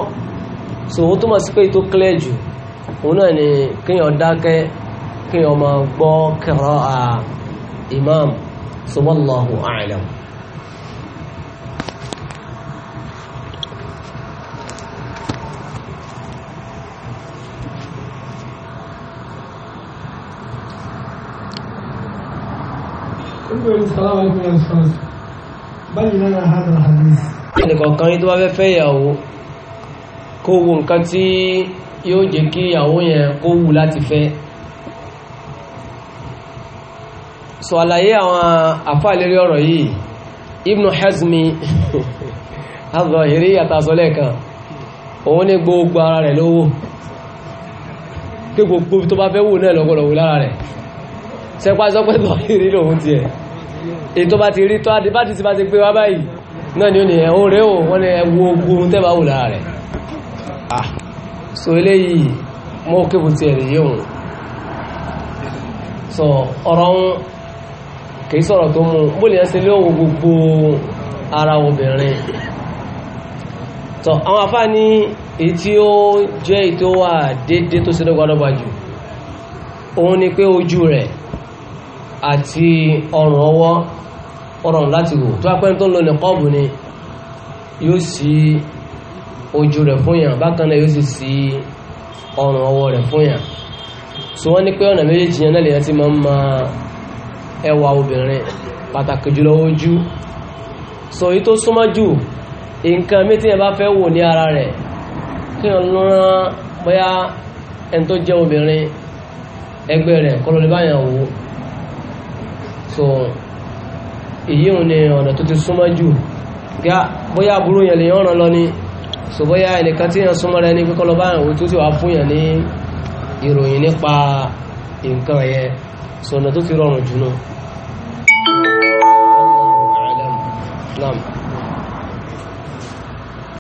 ẹnìkọ̀ọ̀kan yìí tó bá fẹ́ fẹ́ ìyàwó kó wo nǹkan tí yóò jẹ́ kí ìyàwó yẹn kó wù láti fẹ́ sọ àlàyé àwọn àfáà lérí ọ̀rọ̀ yìí Ibn Hazmi azọ̀hìrí àtàsọ́lẹ̀ kan òun ní gbogbo ara rẹ̀ lówó kí gbogbo tó bá fẹ́ wù náà lọ́gbọ̀lọ̀wò lára rẹ̀ sẹ́pá sọ́pẹ́ lọ́hìrí lòun ti ẹ̀ èyí tó bá ti rí tó àti bájú ti bá ti pé wá báyìí náà ni ó ní ẹ̀hún rẹ̀ ò wọ́n ní ẹwọ ogun ohun tẹ́bà wò lára rẹ̀ ah so eléyìí mọ́ kébù ti ẹ̀rẹ̀ yóò so ọ̀rọ̀ ń kìí sọ̀rọ̀ tó mú bóòlì ẹ́ sí lóòwò gbogbo ara obìnrin tọ́ àwọn afá ní èyí tí ó jẹ́ èyí tó wà déédéé tó ṣe dọ́gbadọ́gba jù òun ni pé ojú rẹ̀ àti ọrùn ọwọ́ ọrùn láti wò tó apẹ́ tó ń lo nìkọ́ọ̀bù ni yóò sí ojú rẹ̀ fún yàn bákan náà yóò sì sí ọrùn ọwọ́ rẹ̀ fún yàn so wọ́n ní pé ọ̀nà méjèèjì yẹn náà lèyàn ti máa ń ma ẹwà obìnrin pàtàkì jùlọ ojú so èyí tó súnmọ́ jù nǹkan mi tí yẹn bá fẹ́ wò ní ara rẹ̀ kí wọ́n rán bóyá ẹni tó jẹ́ obìnrin ẹgbẹ́ rẹ̀ kọ́ ló báyàn wò so èyí òun ni ọ̀nà tó ti súnmọ́ jù gá bóyá àbúrò yẹn lè yàn ràn lọ ni so bóyá ẹnìkan tí yẹn súnmọ́ rẹ ní pé kọ́lọ́ bá àwọn tó sì wá fún yẹn ní ìròyìn nípa nǹkan yẹn so ọ̀nà tó fi rọrùn jù náà.